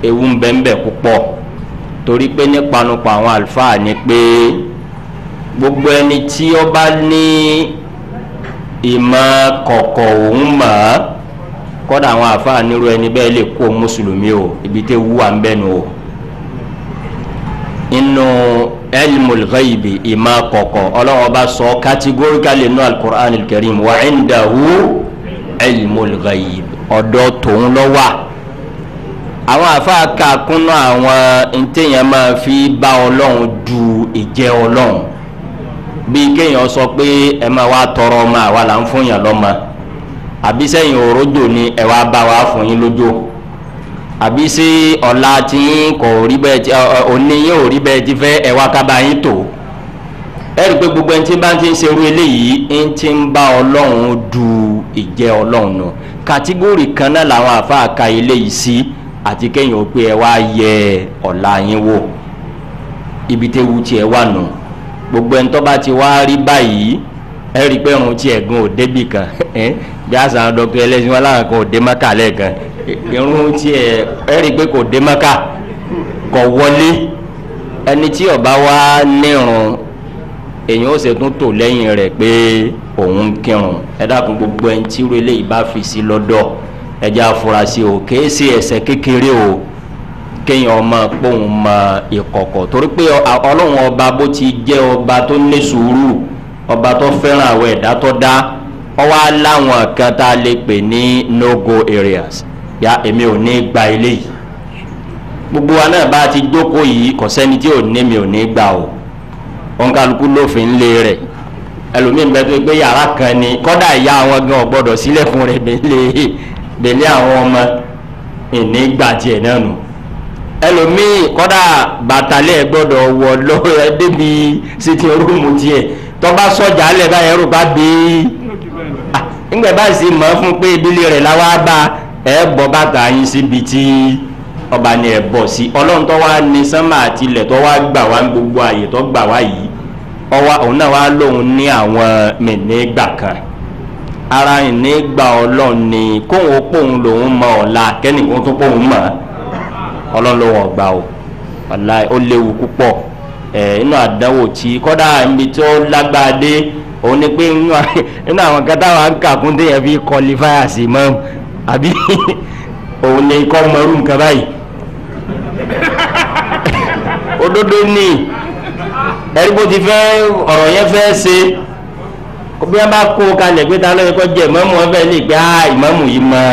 ewu ń bẹ́ẹ̀ bẹ́ẹ̀ púpọ̀ torí pé nípa àwọn àlùfáà ni pé. Pe, gbogbo ẹni tí ó bá ní ìmọ̀ kọ̀kọ̀ òun mọ̀ ọ́ kọ́dà àwọn àfáà nírú ẹni bẹ́ẹ̀ lè kó mùsùlùmí o ibi tẹ́ wúwa ń bẹ́nu o inú ilmul ghaibi ìmọ̀ kọ̀kọ̀ ọlọ́run ọba sọ kátígóríkàlì nínú alukur'an alkarim wa indahu ilmul ghaib ọ̀dọ̀ tòun ló wà àwọn àfáà kà kúnnú àwọn ntẹ̀yẹ̀ máa fi bá ọlọ́run du ìjẹ́ ọlọ́run bíi kéèyàn sọ pé ẹ máa wá tọrọ ọmọ àwa là ń fún yàn lọ́mọ àbí sẹ́yìn òrójò ni ẹ wá bá wa fún yín lójó àbí sí ọ̀la tí kò rí bẹ́ẹ̀ tí òní yín ò rí bẹ́ẹ̀ ti fẹ́ ẹ wá kábà yín tò ẹ rí i pé gbogbo ẹni tí bá ti ń ṣerú eléyìí ń ti ń bá ọlọ́run du ìjẹ́ ọlọ́run nù kàtígórì kan náà làwọn àáfàá ka eléyìí sí àti kéèyàn pé ẹ wá yẹ ọ̀la yín wò ibi tẹ́wu tiẹ̀ wà nù. No gbogbo ẹni tó bá ti wá rí báyìí ẹ rí i pé irun tí ẹ̀gùn ò débì kan [LAUGHS] bí a sàn dọ́kítọ̀ ẹlẹ́sìn wọn láwọn kan ò dé mọ́kà lẹ́ẹ̀kan irun tí ẹ ẹ rí i pé kò dé mọ́kà kò wọlé ẹni tí ọba wá nírun èyàn ó ṣe tún tò lẹ́yìn rẹ̀ pé òun kírun ẹ dákun gbogbo ẹni tí irú eléyìí bá fi sí lọ́dọ̀ ẹ jẹ́ afurasí o kèé ṣe kékeré o kéèyàn ọmọ pòun mọ ìkọ̀kọ̀ torí pé ọlọ́run ọba bó ti jẹ́ ọba tó ní sùúrù ọba tó fẹ́ràn àwọn ẹ̀dá tó dá ọwọ́ aláwọn kan tá a lè pè ní no go areas ya èmi ò ní gba ilé yìí gbogbo wa náà bá a ti jókòó yìí kò sẹ́ni tí ò ní mi ò ní gbà o ònkálukú lófin lé rẹ̀ ẹlòmíín bẹ tó gbé yàrá kan ni kọ́dà ìyá àwọn gan ọ̀gbọ́dọ̀ sílẹ̀kùn rẹ̀ délé àwọn ọmọ ìní gbà tiẹ̀ náà nù ẹlòmíì kọ́dà bàtàlẹ́ gbọ́dọ̀ wọ̀ lọ débi sítì orúmù tiẹ̀ tọ́ba sọ́jà alẹ́ báyẹn rò bá bí i ńgbẹ́ bá sì mọ̀ fún pé ìdílé rẹ̀ láwa bá ẹ bọ́ bàtà yín síbi tí ọba ni ẹ bọ̀ sí ọlọ́run tó wá ní sánmà àti ilẹ̀ tó wá gbà wá gbogbo àyè tó gbà wá yìí ọwá òun náà wá lóun ní àwọn mìínígbà kan ara ìnígbà ọlọ́run ni kóun ó pòun lòun mọ ọ̀la kẹ́nìkan tó pòun mọ̀ ọ́ ọlọ́lọ́wọ̀n gbà o wàláì ó léwu púpọ̀ ẹ̀ inú àdánwò tí kọ́dà níbi tó lágbára dé òun ni pé inú [LAUGHS] àwọn kẹta wa ń kàkún téèyàn fi kọlifáyà sí mọ́ àbí [LAUGHS] òun ni kọ́ mọ́rú nǹkan báyìí [LAUGHS] òdodo ni ẹ̀rí bó ti fẹ́ ọ̀rọ̀ yẹn fẹ́ ṣe bí wọn bá kó kalẹ̀ pé ta ló yẹ kó jẹ ìmọ̀mù ọbẹ̀ lè gbé ah, ìmọ̀mù yìí mọ́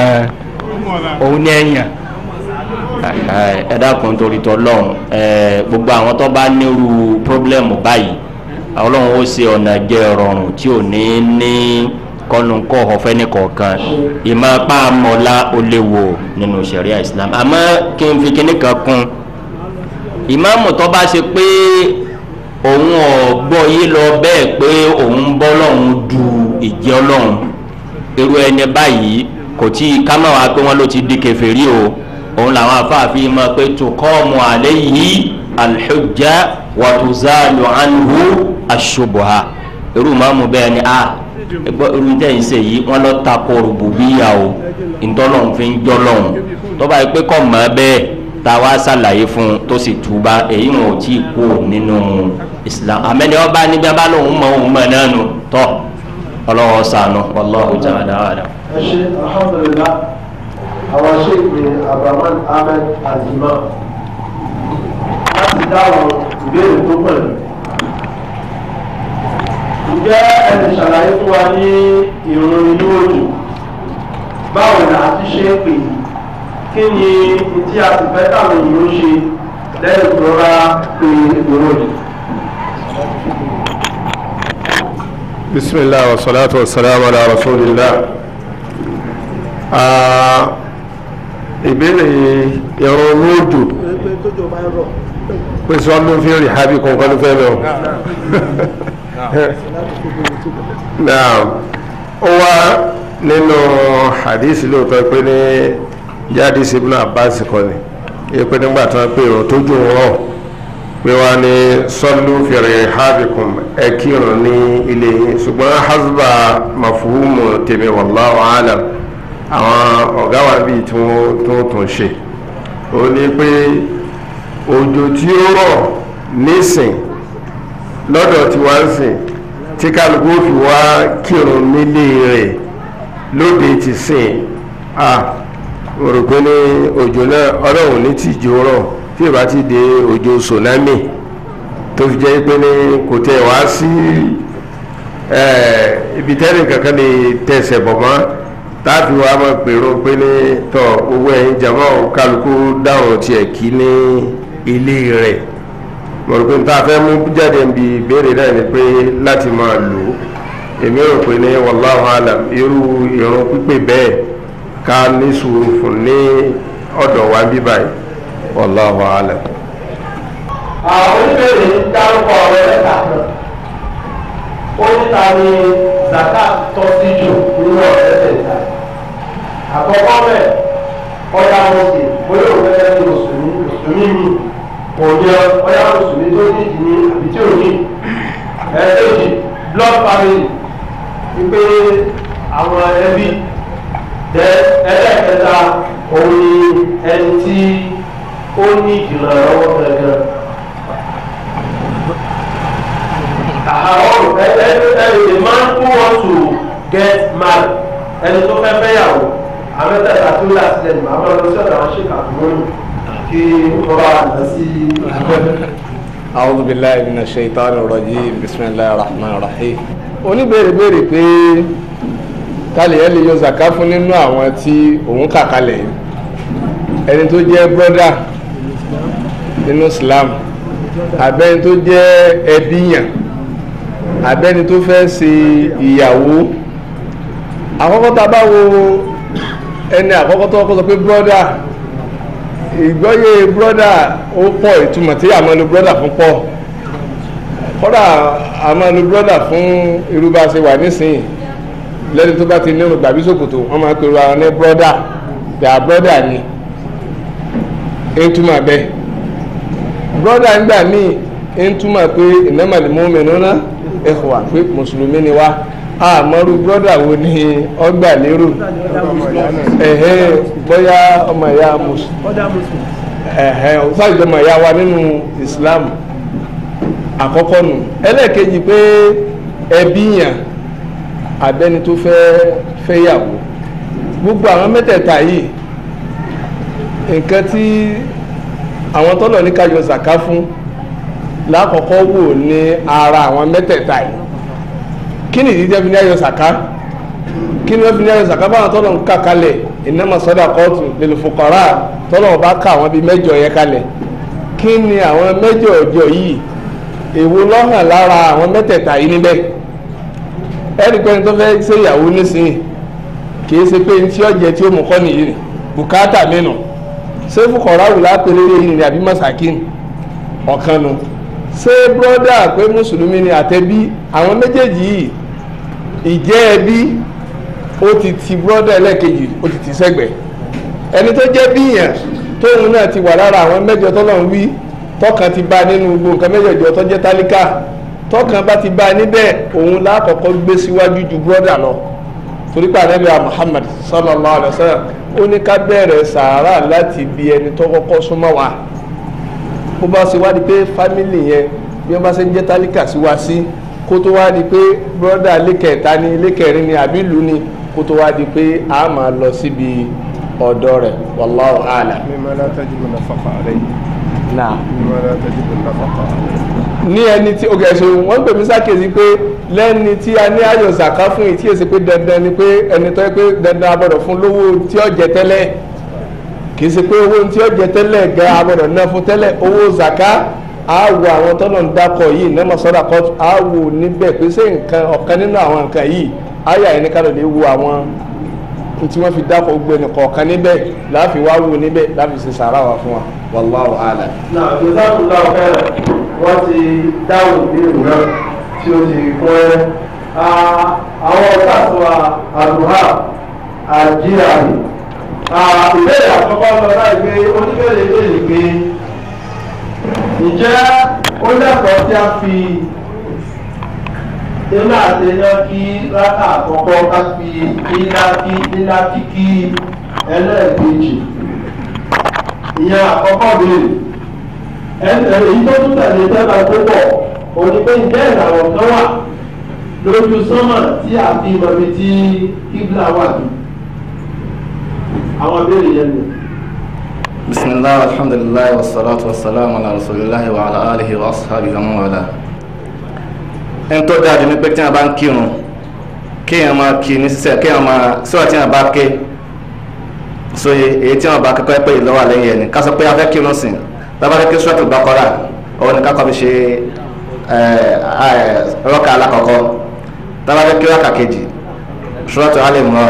òun ni ẹ̀yàn ẹ dákun torí tọlọ́run gbogbo àwọn tó bá nírú pírọ́blẹ́mù báyìí ọlọ́run ó ṣe ọ̀nà jẹ́ rọrùn tí ò ní ní kọlùnkọ ọfẹ ní kọ̀ọ̀kan ìmọ apá mọlá oléwo nínú ṣẹ̀ríà islam àmọ́ kí n fi kíní kan kún ìmáàmù tó bá ṣe pé òun ọgbọ yìí lọ bẹ́ẹ̀ pé òun bọ lọhùn du ìjẹ Ọlọ́hun irú ẹni báyìí kò tí ì ká má wàá pé wọn ló ti di kèfèrí o òun làwọn afáàfin mọ̀ pé tukọ́mu alayhi alhujja wa tuzalu anhu ash-shubha irú màmú bẹ́ẹ̀ ni a ah, irú tẹ̀ ń ṣe yìí wọ́n lọ takò rububiyya o ntọ́lọ́hún fi ń jọ́lọ́hún tọ́ba yìí pé kọ́ mọ́ bẹ́ẹ̀ tá a wá ṣàlàyé fún un tó sì túba èyí wọn ò tí ì kú nínú Islam àmẹ́ni ọba níbi abá lòun mọ òun mọ̀ náà nù tọ́ ọlọ́wọ́ sànù wallahu ta'ala. ẹ ṣe alhamdulillah àwọn ṣèkè abraman ahmed azima láti dáhùn ìbéèrè tó pẹ̀lú. ǹjẹ́ ẹ lè ṣàlàyé fún wa ní ìròyìn inú òjò báwo ni a ti ṣe é pè é kí ni tí a sì fẹ́ táwọn èèyàn ṣe lẹ́yìn tó rà pé ìròyìn òjò. بسم الله والصلاة والسلام على رسول الله آه ìbéèrè ẹ̀rọ lóòjò pèsè wọn ló fi rìn hábì kọ̀ọ̀kan ló fẹ́ lọ. ó wá nínú hadith lóòótọ́ pé ní jáde ibn Abbas kọ́ ni èpè nígbà tí wọ́n pè ìrùn tó jù wọ́n rọ̀ pé wá ní sọ́lú fèrè hábìkùn ẹ̀kírun ní ilé yìí ṣùgbọ́n hasba mafuhumu tèmi wallahu alam àwọn ọ̀gá wa bíi tí wọ́n tó tún ṣe ó ní pé òjò tí ó rọ̀ nísìn lọ́dọ̀ tí wọ́n ń sìn tí kálukú fi wá kírun nílé rẹ̀ lóde ti sìn à mo rò pé ní òjò náà ọlọ́run ní tìjú rọ̀ tí ìbá ti dé òjò tsunami tó fi jẹ́ pé ní kò tẹ̀ wá sí ibi tẹ́lẹ̀ kankan lè tẹ̀sẹ̀ bọ̀ mọ́. láti wá mọ̀ pèrò pé ní tọ̀ owó ẹ̀yìn jàmọ́ kálukú dáhùn tiẹ̀ kí ní ilé rẹ̀ mú jáde ìbéèrè ni pé láti máa lò ó èmi rò pé ní irú pípé bẹ́ẹ̀ ká ní sùúrù fún ní ọ̀dọ̀ wa bí báyìí àwọn ń dárúkọ ó ní ta ni zakat tọ́ sí jù àkọ́kọ́ bẹ́ẹ̀ ọ̀yà mọ̀sí bóyá òun fẹ́ ní mùsùlùmí mi kò ní ọ̀yà mùsùlùmí tó ní ìdí ní àbí tí ò ní ẹ̀ẹ́dẹ́jì blood family wípé àwọn ẹbí ẹlẹ́ẹ̀kẹta òun ni ẹni tí ó ní ìdìnnà lọ́wọ́ gẹ́gẹ́. àwọn ẹni lè máa ń kú wọn tù get married ẹni tó fẹ́ fẹ́ yàwó àwọn tẹ̀sán tó yà sílẹ̀ ní màmá lọ sí ọ̀dà wọn ṣe kàkúrò kí wọ́n bá lọ sí أعوذ بالله من الشيطان الرجيم بسم الله الرحمن الرحيم oníbèrè béèrè pé tálẹ̀ ẹ lè yọ zaka fún nínú àwọn tí òun kà kalẹ̀ ẹni tó jẹ́ brọ́dà nínú Islam abẹ́ni tó jẹ́ ẹbíyàn abẹ́ni tó fẹ́ ṣe ìyàwó àkọ́kọ́ bá wo ẹni àkọ́kọ́ tó kọ́ sọ pé brọ́dà ìgbọ́yé brọ́dà ó pọ̀ ìtumọ̀ tí àmọ́ lo brọ́dà fún pọ̀ kọ́dà àmọ́ lo brọ́dà fún irú bá a ṣe wà nísìnyí lẹ́ni tó bá ti nínú gbàbí sòkòtò wọ́n máa ń pèrò àwọn ní brọ́dà dà brọ́dà ni ìtumọ̀ bẹ́ẹ̀ brọ́dà ń gbà míì ìtumọ̀ pé ìnámàlì mọ́mẹ́nu náà ẹ̀hùwà pé mùsùlùmí ni wá. àmọ́rú brọ́dà wo ni ọgbà lérò ẹ̀hẹ́ ọmọ ìyá mùsùlùmí ẹ̀hẹ́ ọmọ ìyá wa nínú Islam àkọ́kọ́ nù ẹlẹ́ẹ̀kejì pé ẹbí yàn abẹ́ni tó gbogbo àwọn mẹ́tẹ̀ẹ̀ta yìí nǹkan tí àwọn tọ́lọ̀ ní yọ fún lákọ̀ọ́kọ́ wò ní ara àwọn mẹ́tẹ̀ẹ̀ta Kini ni ìdíjẹ́ fi ní ayọ̀ sàká kí ni wọ́n fi ní ayọ̀ sàká báwọn tọ́lọ̀ ń kà kalẹ̀ innama sadaqatu lil fuqara tọ́lọ̀ bá kà àwọn bíi mẹ́jọ yẹn kalẹ̀ kí ni àwọn mẹ́jọ ọjọ́ yìí èwo lọ́hàn lára àwọn mẹ́tẹ̀ẹ̀ta yìí níbẹ̀ ẹnì pẹ́ni tó fẹ́ ṣe ìyàwó nísìnyí kì í ṣe pé ntí ọ̀jẹ̀ tí ó mú kọ́ nìyí ni bùkátà mẹ́nu ṣé fúkọ̀rá wù lápẹ̀lẹ́ yìí ni àbí mọ́sàkín ọ̀kan nu ṣé bírọ́dà pé mùsùlùmí ni àtẹ̀bí àwọn méjèèjì yìí ìjẹ́ ẹbí ó ti ti brọ́dà ẹlẹ́ẹ̀kejì ó ti ti sẹ́gbẹ̀ ẹni tó jẹ́ bíyàn tóun náà ti wà lára àwọn mẹ́jọ tọ́lọ̀ ń wí tọkàn ti bá nínú gbogbo nǹkan mẹ́jọ̀jọ tó jẹ́ tálíkà tọkàn bá ti bá níbẹ̀ òun lákọ̀ọ́kọ́ gbé síwájú ju brọ́dà lọ torí pé ànábì Muhammad sallallahu alayhi wa sallam ó ní ká bẹ̀rẹ̀ sàárà láti bí ẹni tó kọ́kọ́ súnmọ́ wa bó bá ṣe wá di pé fámìlì yẹn bí wọ́n bá ṣe ń jẹ́ tálíkà sí sí kó tó wá di pé bọ́dà lékẹ̀ẹ́ta ni lékẹ̀ẹ́rin ni àbí ìlú ni kó tó wá di pé a máa lọ síbi ọ̀dọ̀ rẹ̀ wallahu a'lam. mímọ́ látàjú mi náà fọ́fọ́ àlẹ́ yìí. náà mímọ́ látàjú mi náà fọ́fọ́ àlẹ́ yìí ní ẹni tí oge ẹ̀sùn wọ́n pè mí sákèsí pé lẹ́ni tí a ní ayọ̀ zàká fún yìí tí èsì pé dandan ni pé ẹni tó pé dandan abọ̀dọ̀ fún lówó tí ó tẹ́lẹ̀ kì í ṣe pé owó tí ó tẹ́lẹ̀ gan abọ̀dọ̀ náà fún tẹ́lẹ̀ owó zàká àwọ̀ àwọn tọ́lọ̀ ń dákọ̀ yìí nẹ́mọ̀ sọ́dà kọ́ àwọ̀ níbẹ̀ pé ṣé nǹkan ọ̀kan nínú àwọn nǹkan yìí àyà ẹni ká lè wo àwọn tí wọ́n fi dákọ̀ gbogbo ẹnì kọ̀ọ̀kan níbẹ̀ láàfin wá wò níbẹ̀ láàfin ṣe sàrà wà fún wa wallahu a'lam. náà ìjọba ìlà ọ̀fẹ́ wọ́n ti dáhùn tí ó ti kọ́ ẹ́ àwọn ọ̀tàṣùwà àdùhà àjíríà ìbéèrè àkọ́kọ́ lọ láì ǹjẹ́ ó lẹ́kọ̀ọ́ tí a fi ilé àtẹ̀yàn kí láta àkọ́kọ́ ká fi ilá kí ilá kíkí ẹlẹ́ẹ̀kejì ìyẹn àkọ́kọ́ béèrè ẹ̀sẹ̀ èyí tó tún tẹ̀lé tẹ́lá tó pọ̀ òní pé ǹjẹ́ ìràwọ̀ kan wà lójú sánmà tí a fi mọ̀mí tí kíbla wà ní àwọn béèrè yẹn nìyẹn. بسم الله والحمد لله والصلاة والسلام على رسول الله وعلى آله وأصحابه ومن والاه ẹni tó dáa jù ní pé tí a bá ń kírun kéèyàn máa kí ní sísẹ kéèyàn máa síwá tí a bá ké sóye èyí tí wọn bá kẹ́kọ̀ọ́ pé ìlọwà lẹ́yìn ẹni ká sọ pé a fẹ́ kírun sìn tá a bá fẹ́ kí sọọtù bá kọra òun ni kákọ fi ṣe eh, ah, eh, rọkà alákọ̀ọ́kọ́ tá a bá fẹ́ kí rọkà kejì sọọtù alẹ mọ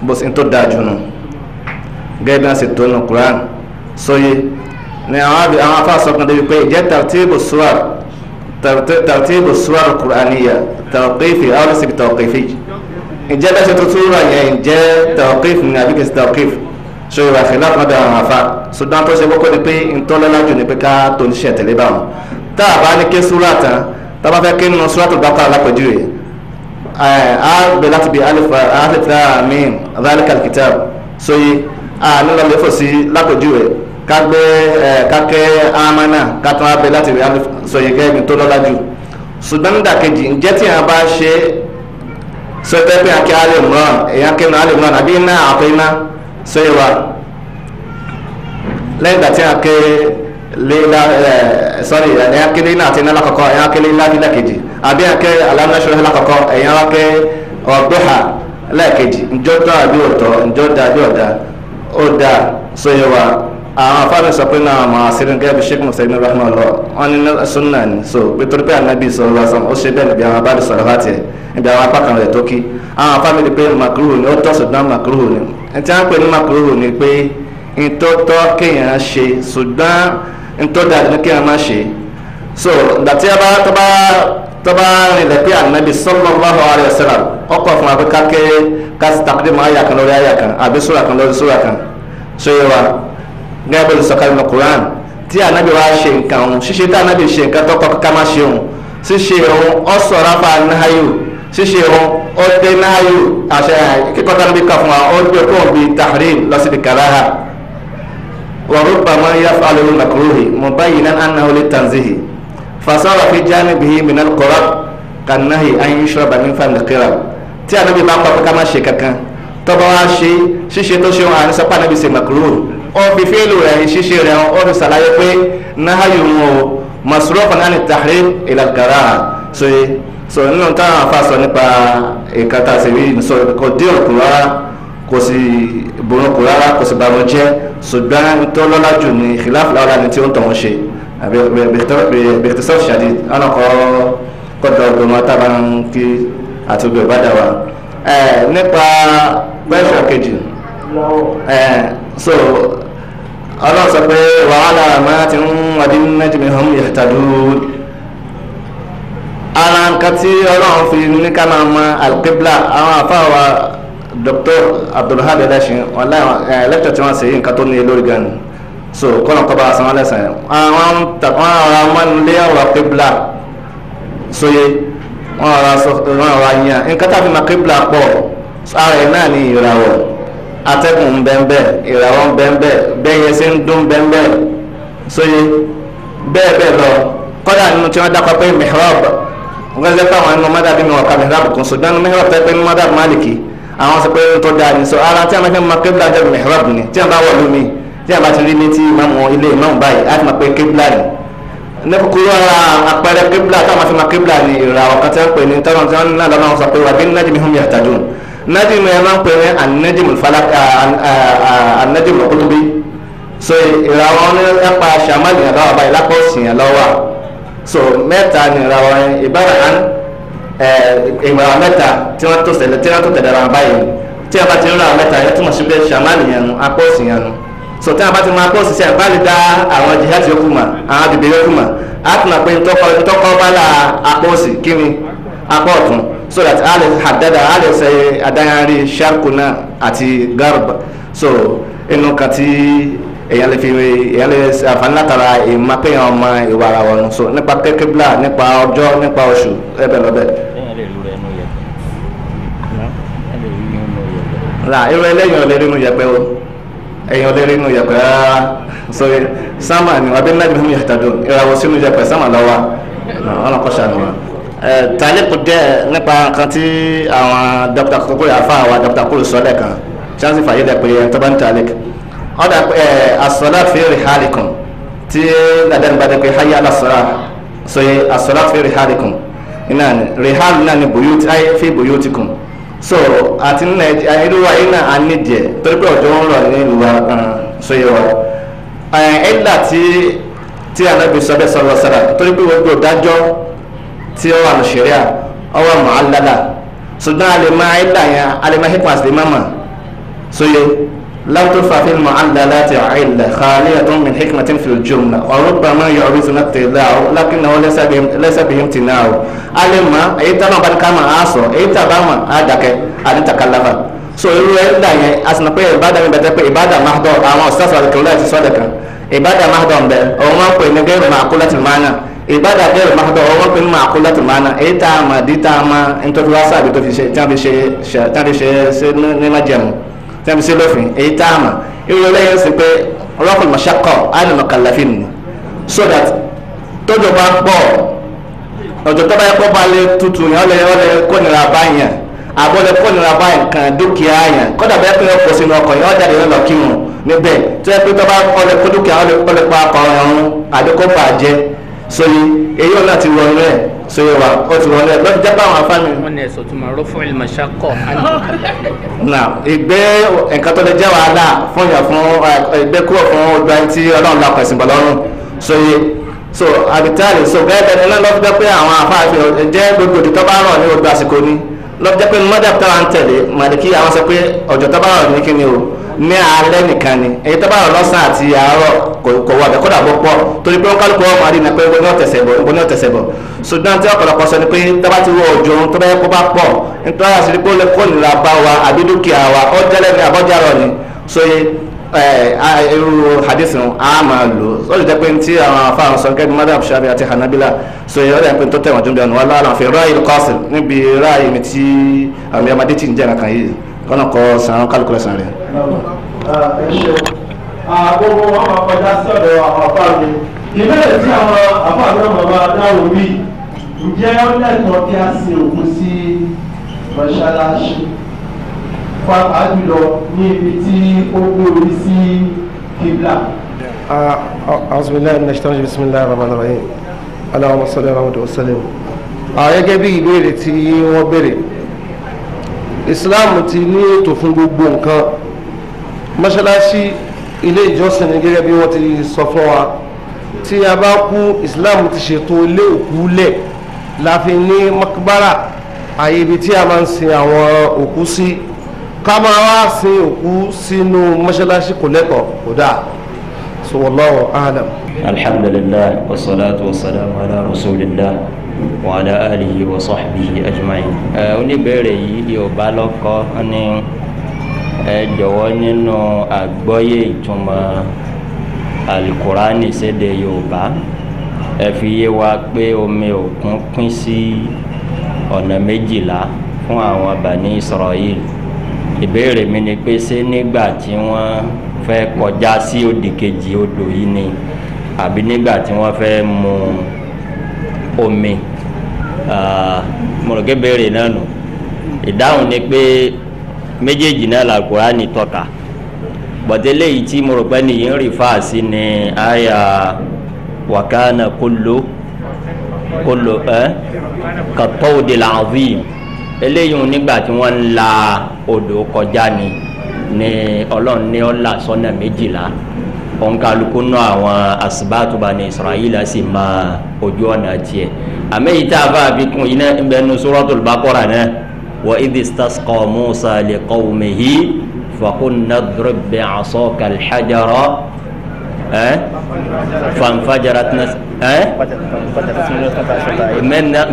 bó ṣe ń tó dáa jù nù gẹ́gẹ́ bí wọn ṣe tó nù Kúránì sóye ni àwọn àwọn afáàsọkàn débi pé ìjẹ́ tartibu suwar tartibu suwar kur'aniya tawqifi awurusi bi tawqifi ìjẹ́ bẹ́sẹ̀ tó tún rà yẹn ìjẹ́ tawqif ni àbí kìí tawqif so ìwà àfẹ́ láti má bẹ àwọn afa sudan tó ṣe kókó ni pé ntọ́lọ́lá jù ni pé ká tó ní ṣẹ̀ tẹ̀lé báwọn tá a bá ní ké súrà tán tá a bá fẹ́ ké nínú Suratul Baqara lápẹ̀jùwe a bẹ láti bi alif laam mim dhalikal kitab so a nílò lẹ́fọ̀ sí lápẹ̀jùwe kagbẹ ẹ kakẹ amana katun abẹ láti rí sọyìnkẹ ẹgbẹ tó lọ́lá jù ṣùgbọ́n nígbà kejì ǹjẹ́ tí a bá ṣe sọtẹ́pẹ́ akẹ́ alẹ́ mìíràn èèyàn kẹ́nu alẹ́ mìíràn àbí iná àfẹ́ iná sẹ́yìn wa lẹ́yìn ìgbà tí a kẹ́ léla ẹ sọ́rí èèyàn kẹ́lẹ́ iná àti iná lákọ̀ọ́kọ́ èèyàn kẹ́lẹ́ iná nílẹ̀ kejì àbí akẹ́ alámúnáṣọ́ lákọ̀ọ́kọ́ èèyàn akẹ́ ọ̀gbẹ́hà lẹ́ẹ̀kejì ǹjọ́ dá àbí ọ̀tọ̀ ǹjọ́ dá àbí ọ̀dà ó àwọn afáàmì sọ pé náà àwọn àṣírí gẹ́gẹ́ bí sheikh musa ibn rahman lọ wọn ní náà sunna ni so nítorí pé anabi sọ̀rọ̀ wa sàn ó ṣe bẹ́ẹ̀ níbi àwọn abáàdì sọ̀rọ̀ wa tiẹ̀ níbi àwọn apá kan rẹ̀ tó kí àwọn afáàmì ni pé makruhu ni ó tọ́ ṣùgbọ́n makruhu ni ntí wọ́n pè ní makruhu ni pé ntọ́tọ́ kéèyàn ṣe ṣùgbọ́n ntọ́dà ni kéèyàn má ṣe so dàtí a bá tọ́ba tọ́ba rìnlẹ̀ pé anabi sallallahu alaihi wasallam ọkọ̀ fún wa pé kákẹ́ kásìtàkùdé máa yà kan lórí àyà kan àbí sóra kan lórí gẹ́gẹ́ bó ti sọ̀kalẹ̀ ní Quran tí anabi wa ṣe nǹkan òun ṣíṣe tí anabi ṣe nǹkan tọkọ kíkà má ṣe òun ṣíṣe òun ọ̀sọ̀ rafa nahayo ṣíṣe òun ọdẹ nahayo àṣẹ kíkọ́ tá níbi kan fún wa ó gbé kó bi tahrim lọ sí karaha wa rubbama yaf'alu makruhi mubayyinan annahu li tanzihi fasara fi janibihi min al-qurab kanahi an yushraba min fam tí anabi bá ń pa pé ká ṣe kankan tọ́ba ó fi fíìlù rẹ̀ ṣíṣe rẹ̀ ó fi ṣàlàyé pé nahayu mu masrofa náà ni tahrim ilàkàrà ṣe sọ nínú táwọn afáṣọ nípa ìkàtà ṣèwé sọ kò dé òkú rárá kò sì burúkú rárá kò sì bàmú jẹ́ ṣùgbọ́n tó lọ́lá jù ní khilafu lára ni tí ó ń tọ̀wọ́n ṣe bẹ̀tẹ̀sọ̀ ṣàdí ọlọ́kọ̀ kọ́dọ̀ ọ̀gbọ̀n ọ̀tàbà àti ọgbẹ̀ ìbàdàn nípa pẹ́ṣọ̀ kejì so ọlọ́run sọ pé wàhálà máa ti ń wàdín najmi hum yahtadun ara nǹkan tí ọlọ́run fi ní ká máa mọ alqibla àwọn àfáwà Dr. Abdulhadi adashin wọn lẹ́tọ̀ eh, tí wọ́n ṣe nǹkan tó ní lórí gan so kọ́nà kọ́ bá a san wọn lẹ́sàn-án àwọn ọ̀rọ̀ amánulé ọ̀rọ̀ qibla sóye wọn ọ̀rọ̀ yẹn nǹkan tá a fi mọ qibla pọ̀ ara ẹ̀ náà ní ìràwọ̀ atẹ́gùn bẹ́ẹ̀bẹ́ ìràwọ̀ bẹ́ẹ̀bẹ́ bẹ́yẹ sí ń dún bẹ́ẹ̀bẹ́ sóye bẹ́ẹ̀ bẹ́ẹ̀ lọ kọ́dà nínú tí wọ́n dákọ̀ pé mihrab wọ́n sẹ́ pé àwọn nínú mádàbí mi wọ̀ ká mihrab kún ṣùgbọ́n nínú mihrab tẹ́ pé nínú mádàbí máàlìkì àwọn sọ pé tó dáa ní sọ ara tí a máa fi mọ kébìlà jẹ́ mihrab ni tí a bá wọ̀ lómi tí a bá ti rí ní tí ìmáàmù ilé ìmáàmù báyìí á ti mọ̀ pé kébìlà ni ní kúkúrú ara àpẹẹrẹ kébìlà táwọn fi mọ kébìlà ni ìràwọ̀ kan tẹ́ ń pè ní tọ́lọ́ najm yẹn máa ń pè ní anajimul falak anajimul qutbi so ìràwọ̀ nípa sàmàlì yẹn lọ́wọ́ báyìí lápò òsì yẹn so mẹ́ta ni ìràwọ̀ yẹn ìbára hàn ìmọ̀ràn mẹ́ta tí wọ́n tó tẹ̀lé tí wọ́n tó tẹ̀lé ra báyìí tí a bá ti ń ra mẹ́ta yẹn túmọ̀ sí pé sàmàlì yẹn nu apò òsì nu so tí ba bá ti mọ apò òsì yẹn bá lè dá àwọn jihad yòókù mà àwọn bìbí yòókù mà á tún àpè ntọ́kọ́ bá la apò òsì kí ni apò so that a lè àdáda a lè ṣe àdáyàrí sharkuna àti garb so inú kan tí èyàn lè fi èyàn lè àǹfààní látara ìmọ̀ ọmọ ìwà ara wọn so nípa kébìlà nípa ọjọ́ nípa oṣù ẹbẹ̀ lọ́bẹ̀. ra irú ẹlẹ́yìn ọ̀lẹ́rìí nù yẹpẹ́ o ẹ̀yìn ọ̀lẹ́rìí nù yẹpẹ́ rárá so sámà ni wàá bí nàìjíríà mi yàtọ̀ dùn ìràwọ̀ sínú yẹpẹ́ sámà lọ́wọ́ ọ̀nà kọ́ṣà nìyẹn tàlẹ́kù dẹ́ nípa kan tí àwọn dókítà kúrò àfa àwọn dókítà kúrò sọ́lẹ̀ kan chance fàyè dẹ̀ pé ẹni tó bá ń tàlẹ́kù ọ̀dà as-salat fi rihalikum tí nàdẹ́nu bá dẹ̀ pé hayya ala salat so ye as-salat fi rihalikum iná ni rihal náà ni buyut ayé fi buyutikum so àti irú wa iná a ní díẹ̀ torí pé ọjọ́ ń rọ̀ ní ìlú wa so ye wa ẹ̀ ẹ̀ ẹ̀ ńlá tí tí anábì sọ́bẹ̀ sọ́lọ́ sára torí pé gbogbo dájọ́ tí ó wà lọ́sẹ̀ríà ọwọ́ mọ̀ọ́ládà ṣùgbọ́n a lè máa ilà yẹn a lè máa hikmas lè má mà sóye láwùjọ fàfin mọ̀ọ́ládà ti àìlẹ̀ xaalẹ̀ tó min hikmatin fil jumla ọ̀rọ̀ bàmá yọ ọ̀rọ̀ ìṣúná tẹ̀lé àwọ̀ lákìnà ó lẹ́sẹ̀ bìyìn tì náà o a èyí tá náà bá ní ká mà á sọ èyí tá bá mà á dàkẹ́ àti takalafa so irú ẹ̀ dà yẹn a sì nà pé ìbádà mi bẹ̀tẹ̀ pé ìbádà máa dọ̀ àwọn ọ̀sán sọ̀rọ̀ kìlọ̀ ìbádà gẹ́rù mahadọ̀ ọwọ́ pé máa kó láti máa na èyí tá a mà dí tá a mà nítorí wá sáàbì tó fi ṣe tí a fi ṣe tí a fi ṣe ṣe ní májẹ̀mú tí a fi ṣe lófin èyí tá a mà irú ẹlẹ́yìn sí pé ọlọ́kùn mọ̀ṣákọ̀ ánì mọ̀kànláfin ni so that tójú bá pọ̀ ọ̀jọ̀ tó bá yẹ kó bá lé tutù yẹn ọlẹ́ ọlẹ́ kó nira bá yẹn àbọ̀lẹ̀ kó nira bá yẹn kan dúkìá yẹn kódà bẹ́ẹ̀ sọyìn èyí ọ̀nà ti wọ̀ ọ́nà ẹ̀ sọyìn wa ó ti wọ̀ ọ́nà ẹ̀ lọ́dún jábọ̀ àwọn afáàmì. wọ́n ní ẹ̀sọ̀ tó máa rọ́ fún ìlmọ̀ṣá kọ̀. na ìgbẹ́ nǹkan tó lè jẹ́ wàhálà fún yàn fún ìgbẹ́ kúrò fún ọgbà tí ọlọ́run la pẹ̀sìn bọ̀ lọ́rùn sọyìn so àbítálì so bẹ́ẹ̀ bẹ́ẹ̀ ni lọ́dún jẹ́ pé àwọn afáàfin jẹ́ gbogbo òdìtọ́ bá rọ̀ ní gbogbo àsìkò ni lọ́dún jẹ́ pé mọ́dà táwọn tẹ̀lé màdìkí àwọn sọ pé ọ̀jọ̀ tó bá rọ̀ ní kíni o ní alẹ́ nìkan ni èyí tó bá rọ lọ́sàn àti àárọ̀ kò wà bẹ́ẹ̀ kódà bó pọ̀ torí pé wọ́n kálukú ọmọ àdínà pé wọ́n ní ọ̀tẹ̀sẹ̀ bọ̀ wọ́n ní ọ̀tẹ̀sẹ̀ bọ̀ ṣùgbọ́n tí ọ̀pọ̀lọpọ̀ sọ ni pé tábà ti wọ òjò ohun tó bá yẹ kó bá pọ̀ nítorí àṣírí pé ó lè kó nira bá wa àbí dúkìá wa ó jẹ́lẹ̀ ní àbọ́jà rọ̀ ni so irú hadith a máa lò ó lè jẹ́ pé tí àwọn afáàrùn sọ gẹ́gẹ́ mọ́dà ṣàbí àti hanabila so ó lè pé tó tẹ̀wọ̀n jùlọ ní wọn lọ́wọ́ àwọn fi ráàyè kọ́sìn níbi ráàyè mi tí àwọn ọmọdé ti ń jẹ́ nǹkan yìí kọ́nà kọ́ san kálukú lẹ́sàn rẹ̀. àgbogbo wọn máa kọjá sí ọ̀dọ̀ àwọn àbá mi ìbéèrè tí àwọn àbá mi náà máa dáhùn bí ǹjẹ́ ó lẹ́tọ̀ọ́ kí a sin òkú sí mọ́ṣáláṣí pàápàá jùlọ ní ibi tí ó gbòòrò sí kíbla. أعوذ بالله من الشيطان الرجيم بسم الله الرحمن الرحيم اللهم صل على محمد وسلم. gẹ́gẹ́ bí ìbéèrè tí wọ́n béèrè islam ti ní ètò fún gbogbo nǹkan mọ́ṣáláṣí ilé ìjọsìn ni gẹ́gẹ́ bí wọ́n ti sọ fún wa tí a bá kú islam ti ṣètò ilé òkú lẹ̀ la ní makbara àyè ibi tí a máa ń sin àwọn òkú sí ká máa wá sin òkú sínú mọ́ṣáláṣí kò lẹ́kọ̀ọ́ kò dáa so wallahu a'lam. alhamdulilayi wasalaatu wasalaamu ala rasulillah wa ala alihi wa sahbihi ajma'in. ẹ oníbẹ̀rẹ̀ yìí ọba lọ́kọ́ ni ẹ jọ̀wọ́ nínú àgbọ́yé ìtumọ̀ alukurani sédè yorùbá ẹ fi yé wa pé omi òkun pín sí ọ̀nà méjìlá fún àwọn Bani Israel ìbéèrè mi ni pé ṣé nígbà tí wọ́n fẹ́ kọjá sí òdì kejì odò yìí ni àbí nígbà tí wọ́n fẹ́ mu omi mọ̀lọ́kẹ́ béèrè náà nù ìdáhùn ni pé méjèèjì náà làkúránì tọ́ka bọ̀dé léyìí tí mo rò pé nìyí ń rí fáàsì ni àyà wàkánà kóló kóló ẹ kàtọ́wòdì làwọn fíìmù eléyìí nígbà tí wọ́n ń la odò kọjá ni ní ọlọ́run ní ọ̀là sọ́nà méjìlá ònkálukú náà àwọn asibátu bani israẹla sì máa ojú ọ̀nà tiẹ̀ àmẹ́yìí tá a bá a fi kún iná ń bẹ nu suratul baqara náà wa idhi stasqa musa li qawmihi fakunna drib bi asaka alhajara ẹ́ fanfajarat nas ẹ́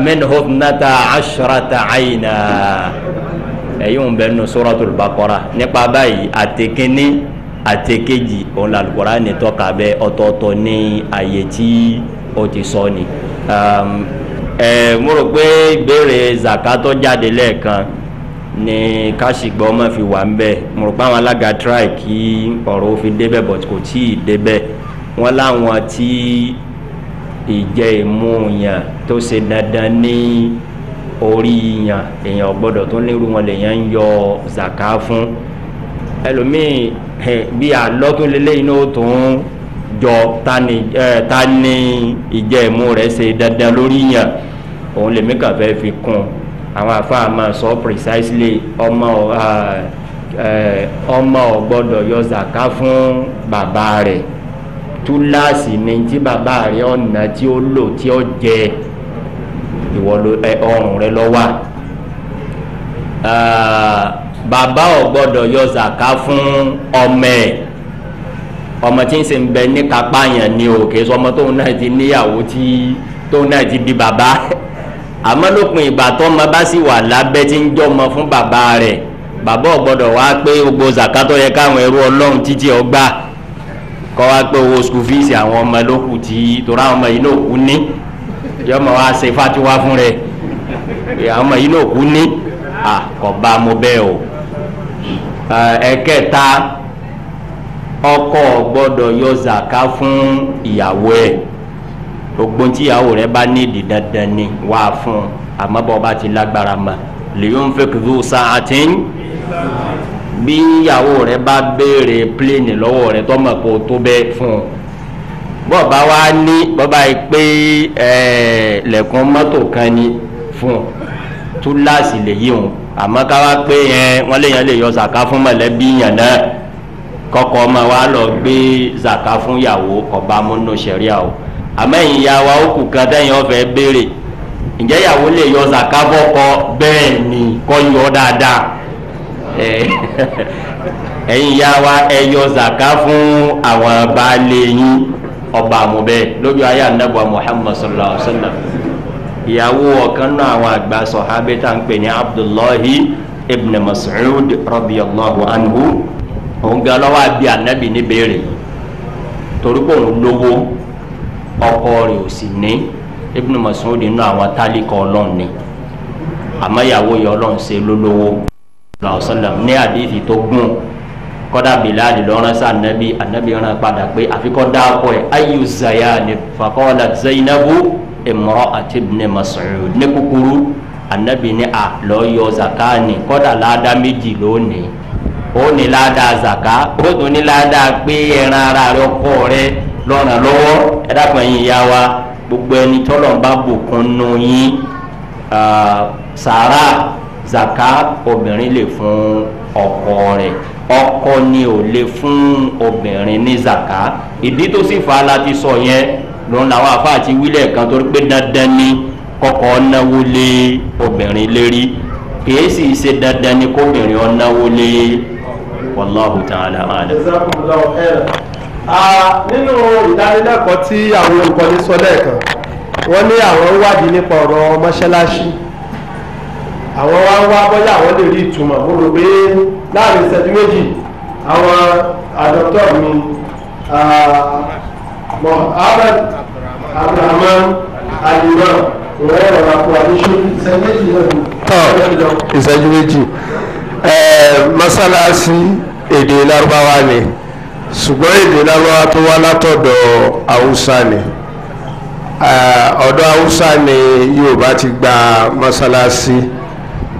min hubnata ashrata ayna èyí ń bẹ nu Suratul Baqara nípa báyìí àtẹkíní àtẹkéjì òun la Al-Qur'ani tọ́ka bẹ ọ̀tọ̀ọ̀tọ̀ ní àyè tí ó ti sọ ni. Um, ẹ mo rò pé ìbéèrè zakatọ jáde lẹ́ẹ̀kan ni káṣígbọ́ ọmọ fi wà ń bẹ̀ mo rò pé àwọn alága try kí ọ̀rọ̀ òfin débẹ̀ but kò tí débẹ̀ wọ́n láwọn tí ìjẹ́ ìmú yàn tó ṣe dandan ní. Ni orí yàn èèyàn gbọ́dọ̀ tó nírú wọn lèèyàn ń yọ zaka fún ẹlòmíì bí alọ́tún lélẹ́yìn náà tó ń jọ ta ni ìjẹ́ ìmú rẹ̀ ṣe dandan lórí yàn òun lèmi kàn fẹ́ fi kún àwọn àfáà máa sọ precisely ọmọ ọmọ ò gbọ́dọ̀ yọ zaka fún bàbá rẹ̀ túláàsì ni tí bàbá rẹ̀ ọ̀nà tí ó lò tí ó jẹ́ ìwọ ọrùn rẹ lọ wà. bàbá ò gbọ́dọ̀ yọ zaka fún ọmọ ẹ̀ ọmọ tí ń sìn bẹ ní kápá yẹn ni o kì í sọ ọmọ tóun náà ti níyàwó tí tóun náà ti di bàbá àmọ́ lópin ìgbà tọ́mọ bá sì wà lábẹ́ tí ń jọmọ fún bàbá rẹ̀ bàbá ò gbọ́dọ̀ wá pé gbogbo zakato yẹ káwọn ẹrú ọlọ́run títí ọgbà kọ́ wá pé owó skul fíìsì àwọn ọmọ ló kù tí torí ọmọ yìí ló kù ní yọ ma wá ṣe fatiwa fún rẹ àwọn ọmọ yìí náà kú ní àkọ́bá mo bẹ́ẹ̀ o ẹ̀kẹta ọkọ gbọ́dọ̀ yọ zaka fún ìyàwó ẹ̀ ogbon tí ìyàwó rẹ bá ní ìdí dandan ni wá fún àmọ́ bọ́ bá ti lágbára mọ́ lèyún fèkìdú sàátìn bí ìyàwó rẹ bá béèrè pléènì lọ́wọ́ rẹ tọ́mọ̀ kó tó bẹ́ẹ̀ fún un bọ́ọ̀bá wa ní bọ́ọ̀bá yìí pé lẹ̀kùn mọ́tò kan ni fún un túláàsì lèyí òun àmọ́ ká wá pé wọ́n lè yàn lè yọ zàká fún mọ̀lẹ́bí yàn náà kọ́kọ́ ọmọ wa lọ gbé zàká fún ìyàwó ọba múnú sẹ̀ríà o àmọ́ ẹ̀yìn ìyá wa ó kù kan tẹ́yìn ọ̀fẹ́ béèrè ǹjẹ́ ìyàwó lè yọ zàká fọ́kọ bẹ́ẹ̀ ni kọ́ yọ dáadáa [LAUGHS] ẹ̀yìn ìyá wa ẹ yọ zàká fún àwọn baálé yín ọba àmú bẹ́ẹ̀ lójú ayé anábọ̀ muhammad sallallahu alaihi wa sallam ìyàwó ọ̀kan náà àwọn àgbà sọ̀hábẹ́ tá ń pè ní abdullahi ibn mas'ud radiyallahu anhu òun gan lọ́wọ́ àbí anábì níbẹ̀rẹ̀ torí pé òun lówó ọkọ rẹ̀ ò sì ní ibn mas'ud inú àwọn tálíkọ ọlọ́run ni àmọ́ ìyàwó yọ ọlọ́run ṣe lólówó sallallahu alaihi wa ní àdìsí tó gùn kọ́dà bilali lọ́rọ́ sá anabi anabi rán padà pé àfikọ́ dáàkọ́ ẹ̀ ayu zayani fakọ́lá zainabu imrọ́ àti ibn Mas'ud ní kúkúrú anabi ní a lọ́ọ́ yọ zakani kọ́dà láàdá méjì lónìí ó ní láàdá zaka ó tún ní láàdá pé ẹran ara rẹ ọkọ rẹ lọ́nà lọ́wọ́ ẹ dákun ẹ̀yin ìyá wa gbogbo ẹni tọ́lọ̀ ń bá bùkún nù yín sàrà zaka obìnrin lè fún ọkọ rẹ̀ ọkọ ni ò le fún obìnrin ní zaka ìdí tó sì fa láti sọ yẹn la làwọn afa àti wílẹ̀ kan torí pé dandan ni kọkọ náwó lé obìnrin lérí kìí sì ṣe dandan ni kóbìnrin ọ náwó lé wallahu ta'ala alam. nínú ìdánilẹ́kọ̀ọ́ tí àwọn olùkọ́ni sọ lẹ́ẹ̀kan wọ́n ní àwọn wádìí nípa ọ̀rọ̀ mọ́ṣáláṣí àwọn wá ń wá bọ́yá àwọn lè rí ìtumọ̀ mo rò pé láàrin ìṣẹ́jú méjì àwọn àdọ́tọ̀ mi Mohammed Abdulrahman Alimọ ìwọ́n ìrọ̀lá kó àdéṣe ìṣẹ́jú méjì náà. ìṣẹ́jú méjì mọ́sálásí èdè lárúbáwá ni ṣùgbọ́n èdè lárúbáwá tó wá látọ̀dọ̀ haúsá ni ọ̀dọ̀ haúsá ni yorùbá ti gba mọ́sálásí. Uh,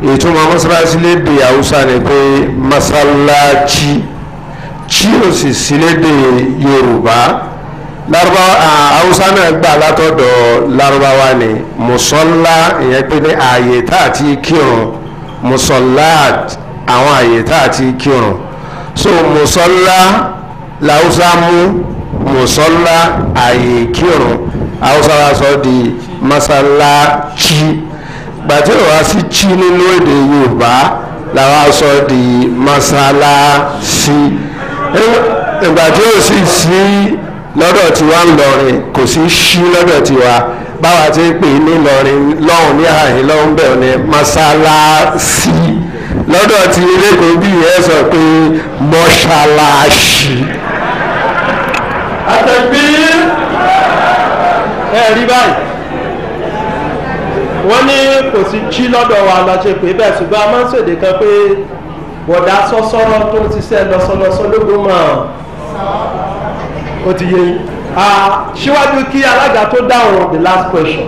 ìtumọ̀ mọ́sálásí lédè haúsá ni pé masallájí tí ó sì sí lédè yorùbá lárúbáwá haúsá náà gbà látọ̀dọ̀ lárúbáwá ni mùsọ́lá ìyẹn pé ní ààyè tá àti kírun mùsọ́lá àwọn ààyè tá àti kírun so mùsọ́lá làwùsá mú mùsọ́lá ààyè kírun haúsá wa sọ di masallájí gbàtí ò wá sí chi nínú èdè yorùbá làwọn sọ di mọ́sálásí ìgbà tí ò sì sí lọ́dọ̀ tiwa ńlọrin kò sí sí lọ́dọ̀ tiwa báwa ti ń pè ní lọrin lọ́hùn ní àhìn lọ́hùn bẹ́ẹ̀ ni mọ́sálásí lọ́dọ̀ tí lẹ́kọ̀ọ́ bí ẹ sọ pé mọ́ṣáláṣí. àtẹ̀bí ẹ̀rí báyìí wọ́n ní kò sí jí lọ́dọ̀ wa la ṣe pé bẹ́ẹ̀ ṣùgbọ́n a máa ń ṣèdè kan pé bọ̀dá sọ́sọ́rọ́ tó ti ṣe lọ́sọlọ́sọ lógún mọ́ ó ti yé yín síwájú kí alága tó dáhùn the last question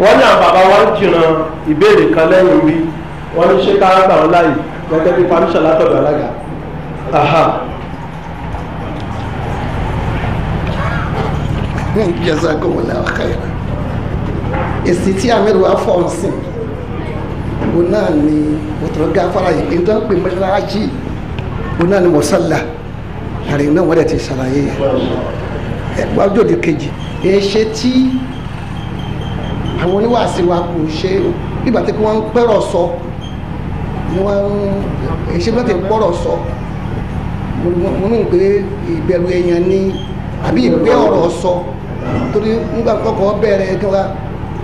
wọ́n ní àwọn bàbá wa ń jìran ìbéèrè kan lẹ́yìn rí wọ́n ní ṣé ká gbà wọ́n láàyè gẹ́gẹ́ bí pàmíṣà látọ̀dọ̀ alága. jazakumullahu khairan. èsì tí àwọn èrò wa fọ̀ naanị otu òun náà ni òtún gáfárà yìí pé nítorí pé mọ́ṣáláṣí òun náà ni mọ́ṣálà náà wọ́n dẹ̀ ti ṣàlàyé yẹn ẹgbẹ́ ọjọ́dé kejì èṣe tí àwọn oníwàásí wa kò ṣe tí wọ́n sọ ni wọ́n ń èṣe bí pọ́rọ̀ sọ mo ní pé ìbẹ̀rù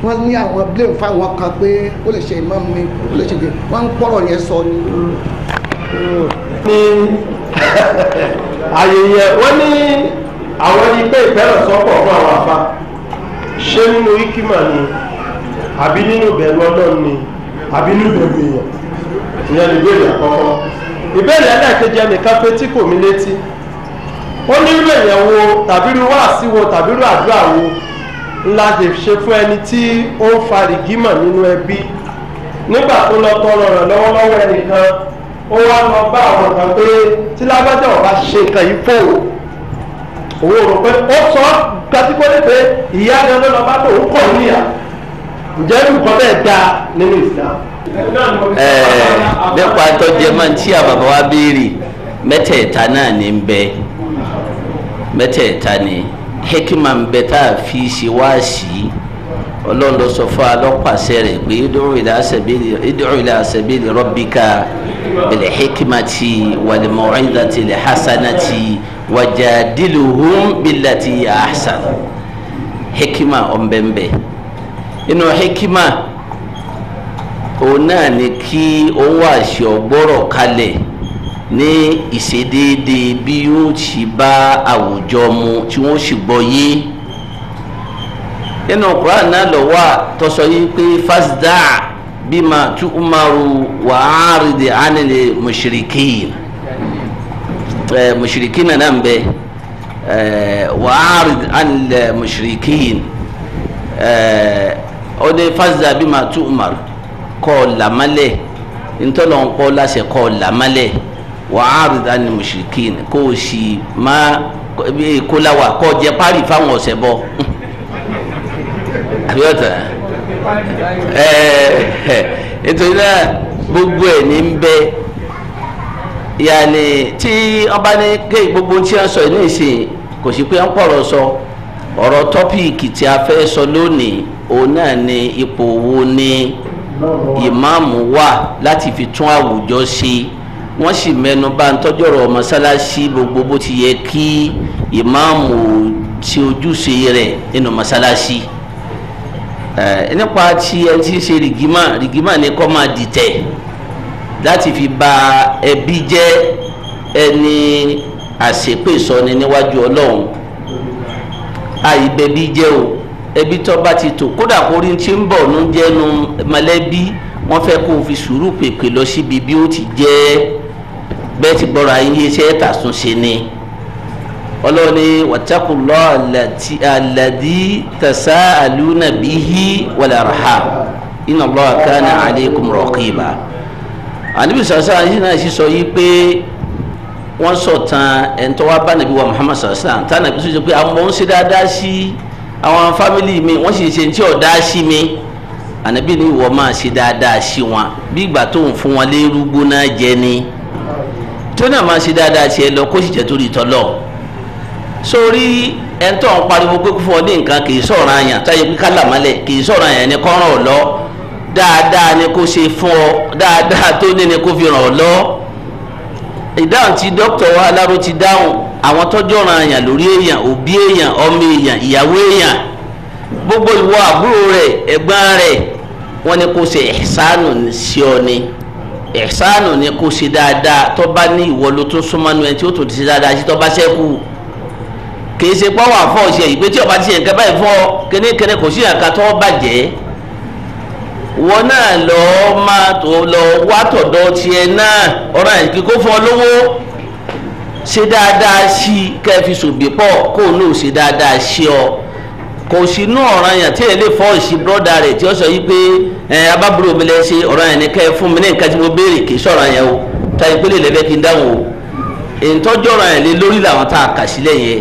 wọ́n ní àwọn blame fáwọn kan pé ó lè ṣe ìmọ̀ mi ó lè ṣe wọ́n ń pọ̀rọ̀ yẹn sọ ni. ní ayẹyẹ wọ́n ní àwọn ní pé ìfẹ́ràn sọ́pọ̀ fún àwọn afa. ṣé nínú ikima ni àbí nínú ìbẹ̀rù ọlọ́run ni àbí nínú ìbẹ̀rù èèyàn ìyẹn ní ìbéèrè àkọ́kọ́ ìbéèrè pé tí kò mí létí ó ní irú èèyàn wo tàbí irú la lè ṣe fún ẹni tí ó ń fa rìgímọ̀ nínú ẹbí nígbà tó lọ tọrọ rẹ̀ lọ́wọ́lọ́wọ́ ẹnìkan ó wá lọ bá àwọn kan pé tí lágbájá ọba ṣe nǹkan yìí fò òun rò pé ó sọ katikori pé ìyá rẹ ló bá tó ń kọ̀ níyà ǹjẹ́ nǹkan bẹ́ẹ̀ dáa nínú Islam. nípa tọ́jú ẹ máa ń tí àbàbà wa béèrè mẹ́tẹ̀ẹ̀ta náà ní ń bẹ mẹ́tẹ̀ẹ̀ta ni. Mbe, hekima ń bẹ tá a fi ṣe wáàsí ọlọ́run ló sọ fún alọ́pàṣẹ rẹ̀ pé id'u ila sabili rabbika bil hikmati wal maw'izati l hasanati wajadiluhum billati ahsan hekima ọ̀nbẹ̀nbẹ̀ inú hekima òun náà ni kí ó wáàsí ọgbọ́rọ̀ kalẹ̀ ní ìṣedéédé bí yóò ṣe bá àwùjọ mu tí wọ́n sì gbọ́ yé nínú Qur'an náà lọ wà tó sọ yìí pé fasda bima tu umaru wa aridi anile mushrikin ẹ mushrikin nana ń bẹ ẹ wa aridi anile mushrikin ẹ ọdẹ fasda bima tu umaru kọ lamalẹ ntọ́lọ́nkọ́ láṣẹ kọ lamalẹ. La wàhálà dání mushrikin kó o sì má kó láwà kó o jẹ pari fáwọn ọ̀sẹ̀ bọ [LAUGHS] àbíọ̀tà nítorí náà gbogbo ẹ̀ ní bẹ yàní tí ọba ní ké gbogbo tí wọ́n sọ yìí ní ìsìn kò sí pé wọ́n pọ̀rọ̀ sọ ọ̀rọ̀ tọ́píìkì tí a fẹ́ sọ lónìí òun náà ni ipò wo ni ìmáàmù wà láti fi tún àwùjọ ṣe. wọ́n sì mẹ́nu bà ń tọ́jọ́rọ̀ mọ́sálásí gbogbo bó ti yẹ kí ìmáàmù ṣe ojúṣe rẹ̀ nínú mọ́sálásí nípa ti ẹ ti ṣe rìgímà rìgímà ni kọ́ máa dìtẹ̀ láti fi ba ẹbí jẹ́ ẹni àṣepè sọni níwájú ọlọ́run àìbẹ̀bí jẹ́ o ẹbí tó bá ti tò kódà kórí ti ń bọ̀ ló jẹ́nu mọ̀lẹ́bí wọ́n fẹ́ kó o fi sùúrù pèpè lọ síbi bí ó ti jẹ́ ẹ́ bẹ́ẹ̀ ti gbọ́ra yíyé ṣe é tàsún ṣe ni ọlọ́ni wàtẹ́kùlọ́ àlàdí tẹ̀sà àlùnà bíhí wàlẹ̀ àràhà iná lọ́ àkànnà àlékún rọ̀kìbà. àníbi sàṣà yìí náà sì sọ yìí pé wọ́n sọ tán ẹ̀ńtọ́ wa bá nàbí wa Muhammad sàṣà tá nàbí sọ pé àwọn ń ṣe dáadáa sí àwọn fámìlì mi wọ́n sì ṣe ń tí ò dá sí mi ànábì ni ìwọ máa ṣe dáadáa sí wọn bí ìgbà tó ń fún wọn lérúgbó náà jẹ ni tó náà máa ṣe dáadáa tiẹ̀ lọ kó sì jẹ́ torí tọ́lọ̀ sórí ẹ̀ńtọ́ ń pariwo pé kó fún ọ ní nǹkan kì í sọ̀rọ̀ àyàn táyé pé kálàmálẹ̀ kì í sọ̀rọ̀ àyàn ẹni kọ́ràn ọ̀ lọ dáadáa ni kó ṣe fún ọ dáadáa tó ní ni kó fi ràn ọ́ lọ ìdáhùn tí dókítà wa aláró ti dáhùn àwọn tọ́jú ọ̀ràn àyàn lórí èèyàn òbí èèyàn ọmọ èèyàn ìyàwó èèyàn gbogbo ìwọ àbúrò rẹ̀ ẹ̀gbọ́n rẹ̀ wọ́n ní kó ṣe ẹ̀sánù sí ọ ni ẹ̀sánù ni kò ṣe dáadáa tó bá ní ìwọ ló tún súnmọ́ nu ẹni tí ó tún ti ṣe dáadáa sí tó bá ṣẹ́kù kìí ṣe pọ́wọ́ àfọ́ ṣe ìgbé tí ọba ti ṣe nǹkan báyìí fọ́ kénékéné kò sí nǹkan tó bàjẹ́ wọn náà lọ máa tó lọ wá tọ̀dọ̀ tiẹ̀ náà ọ̀ràn kíkó fọ́ lówó ṣe dáadáa sí kẹ́ẹ̀ fi pọ̀ kó o náà ṣe dáadáa sí ọ kò sí inú ọ̀ràn yẹn tí ẹ lè fọ́ ìsì bọ́dà rẹ̀ tí ó sọ yìí pé ẹ abábúrò mi lẹ ṣe ọ̀ràn yẹn ni kẹ́ ẹ fún mi ní nǹkan tí mo béèrè kì í sọ̀ràn yẹn o ta ìpele lẹ́fẹ́ kí n dáhùn o ìtọ́jú ọ̀ràn yẹn lé lórí làwọn tá a kà sílẹ̀ yẹn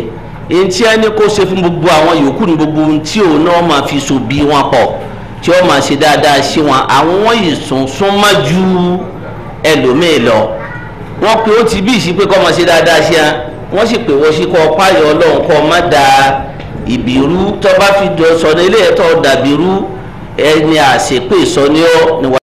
èyí tí ẹni kó ṣe fún gbogbo àwọn yòókù ní gbogbo tí òun náà máa fi so bí wọn pọ̀ tí ó máa ṣe dáadáa sí wọn àwọn wọn yìí sùn ju ẹlòmíì lọ wọn pe ó ti bí ìsí pé kọ́ máa ṣe dáadáa sí wọn wọ́n ìbírú tọ́ba fi jọ sọ ní ilé ẹ̀tọ́ dàbírú ẹni àṣepè sọ ní ọ níwájú.